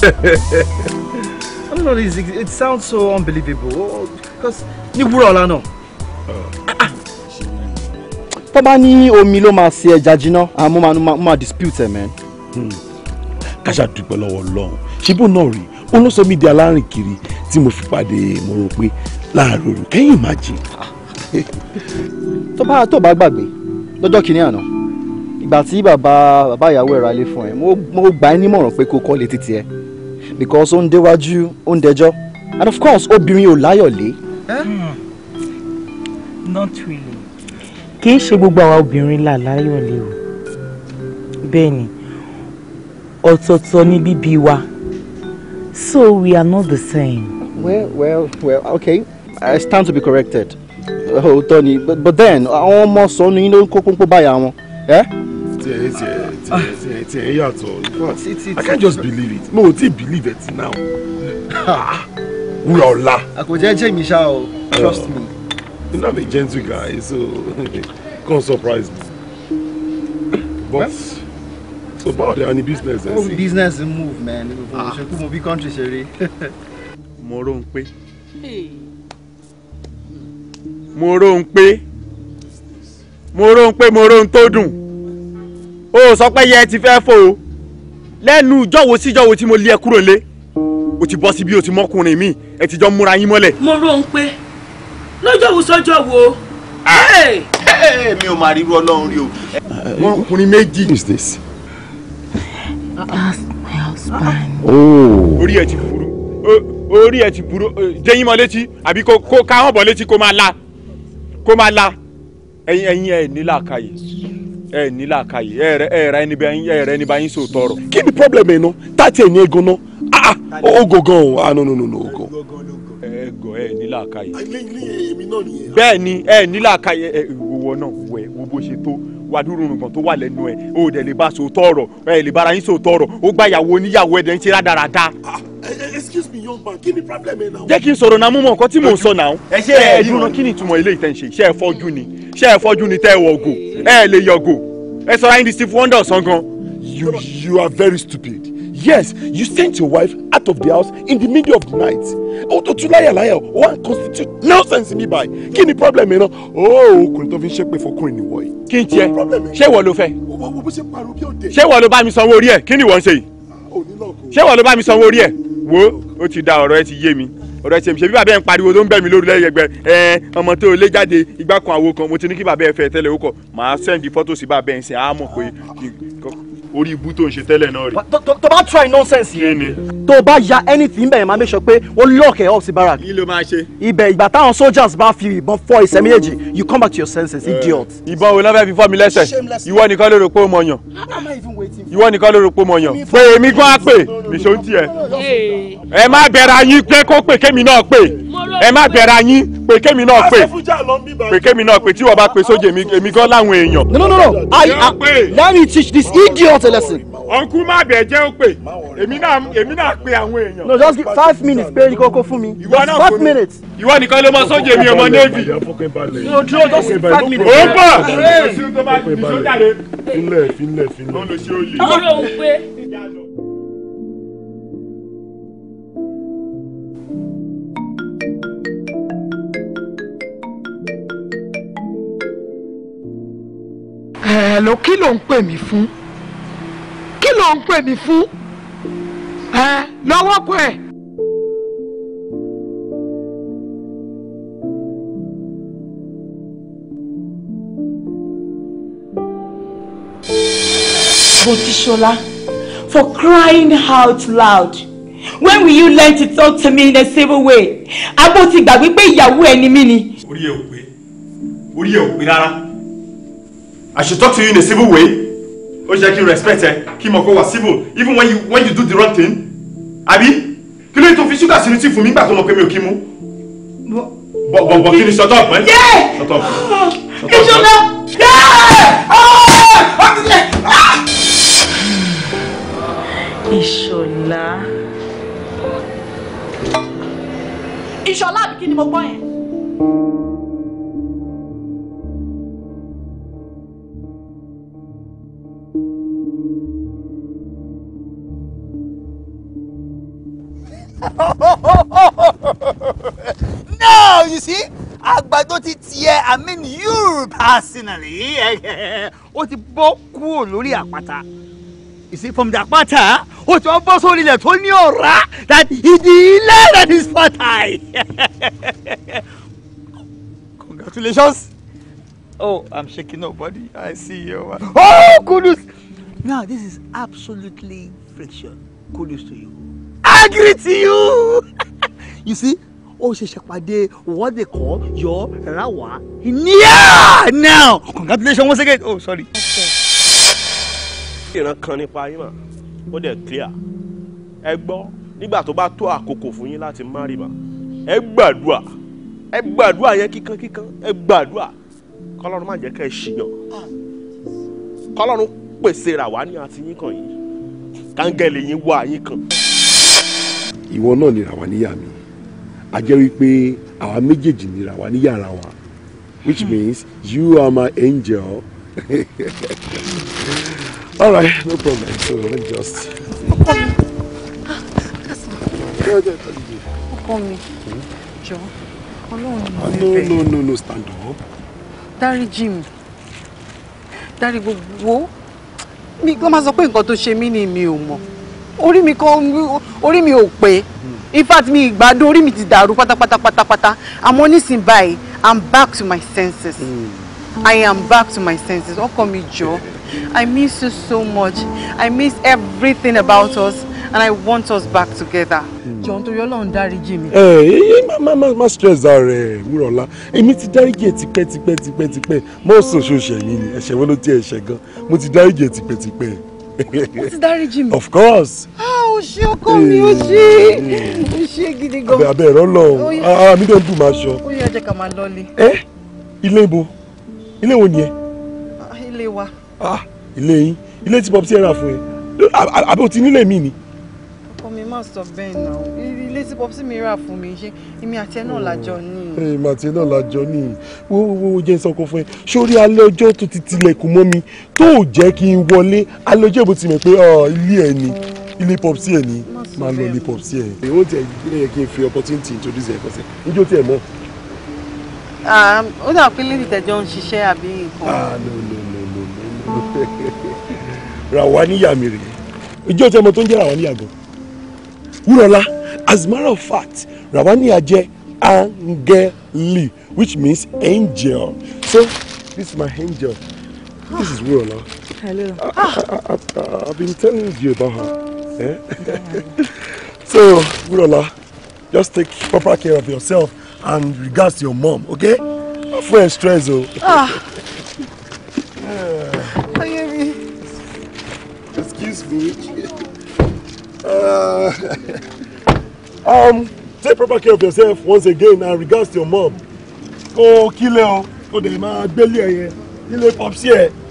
A: I don't know, it, sounds so unbelievable because ní wúrọ̀ ọ̀la náà. tó bá ní omi ló máa ṣe ẹja jiná àmọ́ máa máa dispute ẹ̀ mẹ́rin. Hmm. ká ṣàdúpẹ́ lọ́wọ́ Ọlọ́run ṣíbù náà rí olóṣèlú mi di alárìn kiri tí mo fi pàdé mo rò pé láàárọ̀ òru kẹ́yìn máa jìn. tó bá tó bá gbàgbé lọ́jọ́ kìíní àná ìgbà tí bàbá bàbá ìyàwó ẹ̀ ra fún ẹ mo gbà ẹ́ nímọ̀ràn pé kó kọ́ létí tiẹ̀ because ó ń déwájú ó ń dẹjọ́ and of course obìnrin ò láyọ̀lé. Hmm. not really. kì í ṣe gbogbo àwa obìnrin là láyọ̀lé o
C: bẹ́ẹ̀ ni ọ̀tọ̀ọ̀tọ̀ ni bíbí wa so we are not the same.
A: Well, well, well, okay. I stand to be corrected. Oh, Tony, but, but then, àwọn ọmọ sọ know, iná ń kó pọ́npọ́ báyà wọn. Eh? Tiẹ̀ tiẹ̀ tiẹ̀ tiẹ̀ yàtọ̀. I can't just believe it. No, ò believe it now. Ha! ọ̀la. Àkòjẹ́ jẹ́ mi ṣá trust me.
E: You're uh, not a gentle guy, so come surprise me. But so about the
A: any business Oh, Business move man. Ṣé kú mo bí country ṣe mo rò ń pé mo rò ń pé mo rò ń pé mo rò ń tó dùn o sọ pé yẹ ti fẹ́ fò o lẹ́nu jọ̀wọ́ sí jọ̀wọ́ tí mo lé ẹ kúrò lé o ti bọ́ síbi o ti mọ́kùnrin mi ẹ ti jọ múra yín mọ́lẹ̀. mo rò ń pé lọ́jọ́ wo sọ́jọ́ wo. mi ò máa rí irú ọlọ́run rí o. wọn ọkùnrin méjì. who is this. that's my husband.
E: Oh.
A: orí ẹ ti burú. orí ẹ ti burú eh, jẹyìn mọ létí àbí kó káwọn bọ létí kó máa la máa la ẹyin ẹyin ẹ ní làákàyè ẹ ní làákàyè ẹ rẹ ẹ rẹ ẹni bá ẹ rẹ ẹni bá yín kí ni problem ẹ̀ ah, ah o ah no no no ah, bẹ́ẹ̀ ni ẹ ẹ wọ náà wo bó ṣe tó wà dúró nǹkan tó o dẹ̀ lè bá Eh, eh, excuse me young man kí ni problem ẹ náà. jẹ́ kí n sọ̀rọ̀ náà mú mọ̀ nǹkan tí mò ń sọ náà. ẹ ṣe ẹ dúró kí ni ìtumọ̀ ilé ìtẹ̀ ń ṣe ṣe ẹ fọ́jú ni ṣe ẹ fọ́jú ni tẹ́ ẹ wọ̀gò ẹ lè yọ̀gò ẹ sọ ayé ní Steve Wonder sàn gan. you you are very stupid yes you sent your wife out of the house in the middle of the night o tó tún láyà láyà o wa constitute nonsense mi báyìí kí ni problem yẹn náà o oh, ọkùnrin tó fi ń ṣépè fọkùnrin nìwọ yìí. kí n tiẹ̀ ṣé ìwọ ló fẹ́ ṣé ìwọ ló bá mi sanwó orí ẹ̀ kí ni ìwọ ń ṣe yìí ah, ṣé ìwọ ló bá mi sanwó orí ẹ̀ wo ó ti da ọ̀rọ̀ ẹ ti yé mi ọ̀rọ̀ ẹ ti yé mi ṣe bí bàbá ẹ ń pariwo tó ń bẹ̀ mí lórí lẹ́yẹgbẹ ẹ ọmọ tó lé jáde igbá kan àwo kan mo ti ní kí bàbá ẹ fẹ́ tẹ́lẹ̀ ó kọ̀ màá sẹ́ǹdì fọ́tò sí bàbá ẹ ń sìn pé orí ibú tó ń ṣe tẹ́lẹ̀ náà rí. tó bá try nonsense yẹn ni. tó bá ya anything bẹ́ẹ̀ máa make sure pé ó lock ẹ̀ up sí barrack. kí ló máa ṣe. ibẹ̀ ìgbà táwọn soldiers bá fi ìbọn fọ ìṣẹ́ méjèèjì you come back to your senses eh, idiot. ìbọn wo lábẹ́ fi fọ́ mi lẹ́sẹ̀ ìwọ nìkan ló rò pé ó mọ̀ yàn ìwọ nìkan ló rò pé ó mọ̀ yàn pé èmi gan á pè mí ṣó ń
F: tiẹ̀
A: ẹ má bẹ̀rẹ̀ ayín pé kó pè kémi náà pè ẹ má bẹ̀rẹ̀ ayín pé kémi náà pè pé kémi náà pè tí wọ́n bá pe sójà èmi gan láwọn èèyàn. no no no no I, let me teach this idiot a lesson. ọ̀nkú má bẹ̀ jẹ́ ó pè èmi náà èmi náà pe àwọn èèyàn. no just give five minutes pé ní kókó fún mi five minutes. ìwọ nìkan ló mọ sójà èmi ọmọ navy. no true just five minutes. ó bọ̀ ìṣòjà rẹ̀. finlẹ̀ finlẹ̀ finlẹ̀. olùṣe oyè. ọlọ́run pé. ẹ̀ẹ́lò kí ló ń pè mí fún kí ló ń pè mí fún ẹ lọ́wọ́ kọ ẹ̀. Botishola, for crying out loud. When will you learn to talk to me in a civil way? Abo ti gbàgbé pé ìyàwó ẹni mi ni. Orí ẹ̀ ò pé, orí ẹ̀ ò pé rárá. I should talk to you in a civil way. Ó ṣe kí respect ẹ kí mo kó wa civil even when you when you do the wrong thing. Abi, kí ló yẹ tó fi ṣúgà sínú tí fún mi gbà tó mọ̀ pé mi ò kí mú. Bọ̀ bọ̀ bọ̀ kí ni shut up ẹ. Eh?
C: Shut up. Ìṣọ̀lá. Ah! Ìṣọ̀lá. Ìṣọ̀lá àbí kí ni mo gbọ́ yẹn?
A: no you see àgbàdo ti tiẹ̀ i mean you personally ó ti bọ́ kúrò lórí àpáta you see from the àpáta ó ti wọ́n bọ́ sórí ilẹ̀ tó ní ọ̀rá that ìdí ilẹ̀ that is fertile congratulations oh i'm shaking up, buddy. i see you oh kudos now this is absolutely friction kudos to you. I greet you. you see, ó ṣẹ̀ṣẹ̀ pàdé what they call your rawa. Yeah, now congratulations once again. Oh, sorry. ìran kan nípa yín mà ó dẹ̀ clear ẹ gbọ́ nígbà tó bá tó àkókò fún yín láti má rí mà ẹ gbàdúrà ẹ gbàdúrà yẹn kíkan kíkan ẹ gbàdúrà kọlọ́run má jẹ́ ká ẹ ṣìyàn kọlọ́run pèsè ràwá ní àtìyín kan yìí kángẹ́lì yín wá yín kan
E: ìwọ náà nira wa níyà mi a jẹ́ wípé àwa méjèèjì nira wa ní yàrá wa which hmm. means you are my angel all right no problem so let me just. ọkọ mi ọkọ mi jọ
F: Ọlọ́run
D: ni mo ah, no
E: no no stand up.
D: dáríjì Jim. dárí gbogbo mi kí wọ́n máa sọ pé nǹkan tó ṣe mí ni mi ò mọ̀. Mm orí mi kan orí mi ò pé in fact mi ìgbádùn orí mi ti dàrú pátápátá pátápátá àmọ́ nísìnyí báyìí i'm back to my senses mm. i am back to my senses ọkọ mi jọ i miss you so much i miss everything about us and i want us back together. Hmm. jọ̀ọ́ nítorí ọlọ́run dáríjì mi.
A: ẹ ẹ má má má stress out rẹ wúrọ̀lá èmi ti dáríjì ẹ tipẹ́ tipẹ́ tipẹ́ tipẹ́ mọ́ọ̀sán ṣoṣù ẹ̀yìn ni ẹ̀ṣẹ̀ wo ló ti ẹ̀ṣẹ̀ gan mo ti dáríjì ẹ tipẹ́tipẹ́ wọ́n ti dáríjì mi. of course.
D: ó ah, ṣe ọkọ mi ó ṣe ó ṣe gidi gan. abẹ abẹ long. Ah, me don't do ń show. Oh yeah, ó yẹ jẹ́ ká máa lọlé.
A: ẹ eh? ilé ibo ilé wo ni ẹ.
D: Ah, ilé wa.
A: Ah, ilé yín ilé tí bob ti ẹ rà fún ẹ àbí o ti nílé mi ni.
D: Must have been now. ilé tí pọ́pì mi rà fún mi ṣé èmi àti ẹ náà lájọ ní.
A: èmi àti ẹ náà lájọ ní wo wo wo jẹ́ sọ́kọ fún ẹ sórí alẹ́ ọjọ́ tó ti tilẹ̀kùn mọ́ mi tó ò jẹ́ kí n wọlé alẹ́ ọjọ́ ìbò ti mọ̀ pé ilé ẹ ni ilé pọ́pì ẹ ni máa lọ ilé pọ́pì ẹ. èwo tẹ ilé yẹ kí n fi opportunity introduce ẹ fọsẹ njó tẹ mọ.
D: ó dà pé lè tẹ̀jọ́ ń ṣiṣẹ́ àbí
A: nǹkan. ràwa níyàmì rèé ìjọ́ tẹ mọ tó ń jẹ́ ràwa níyàgò. Wurola, as a matter of fact, Rawani Aje Angeli, which means angel. So, this is my angel.
C: This is Wurola. Hello. I, ah, I, ah,
A: ah, I've been telling you about her. Eh? So, Wurola, just take proper care of yourself and regards to your mom, okay? Fún ẹ stress o. Oh. Excuse me. Uh, um, take proper care of yourself once again and regards to your mom. Kò oh, kílẹ̀ o, kò dẹ̀ máa gbélé ẹ̀yẹ, ilé pọ̀psí ẹ̀.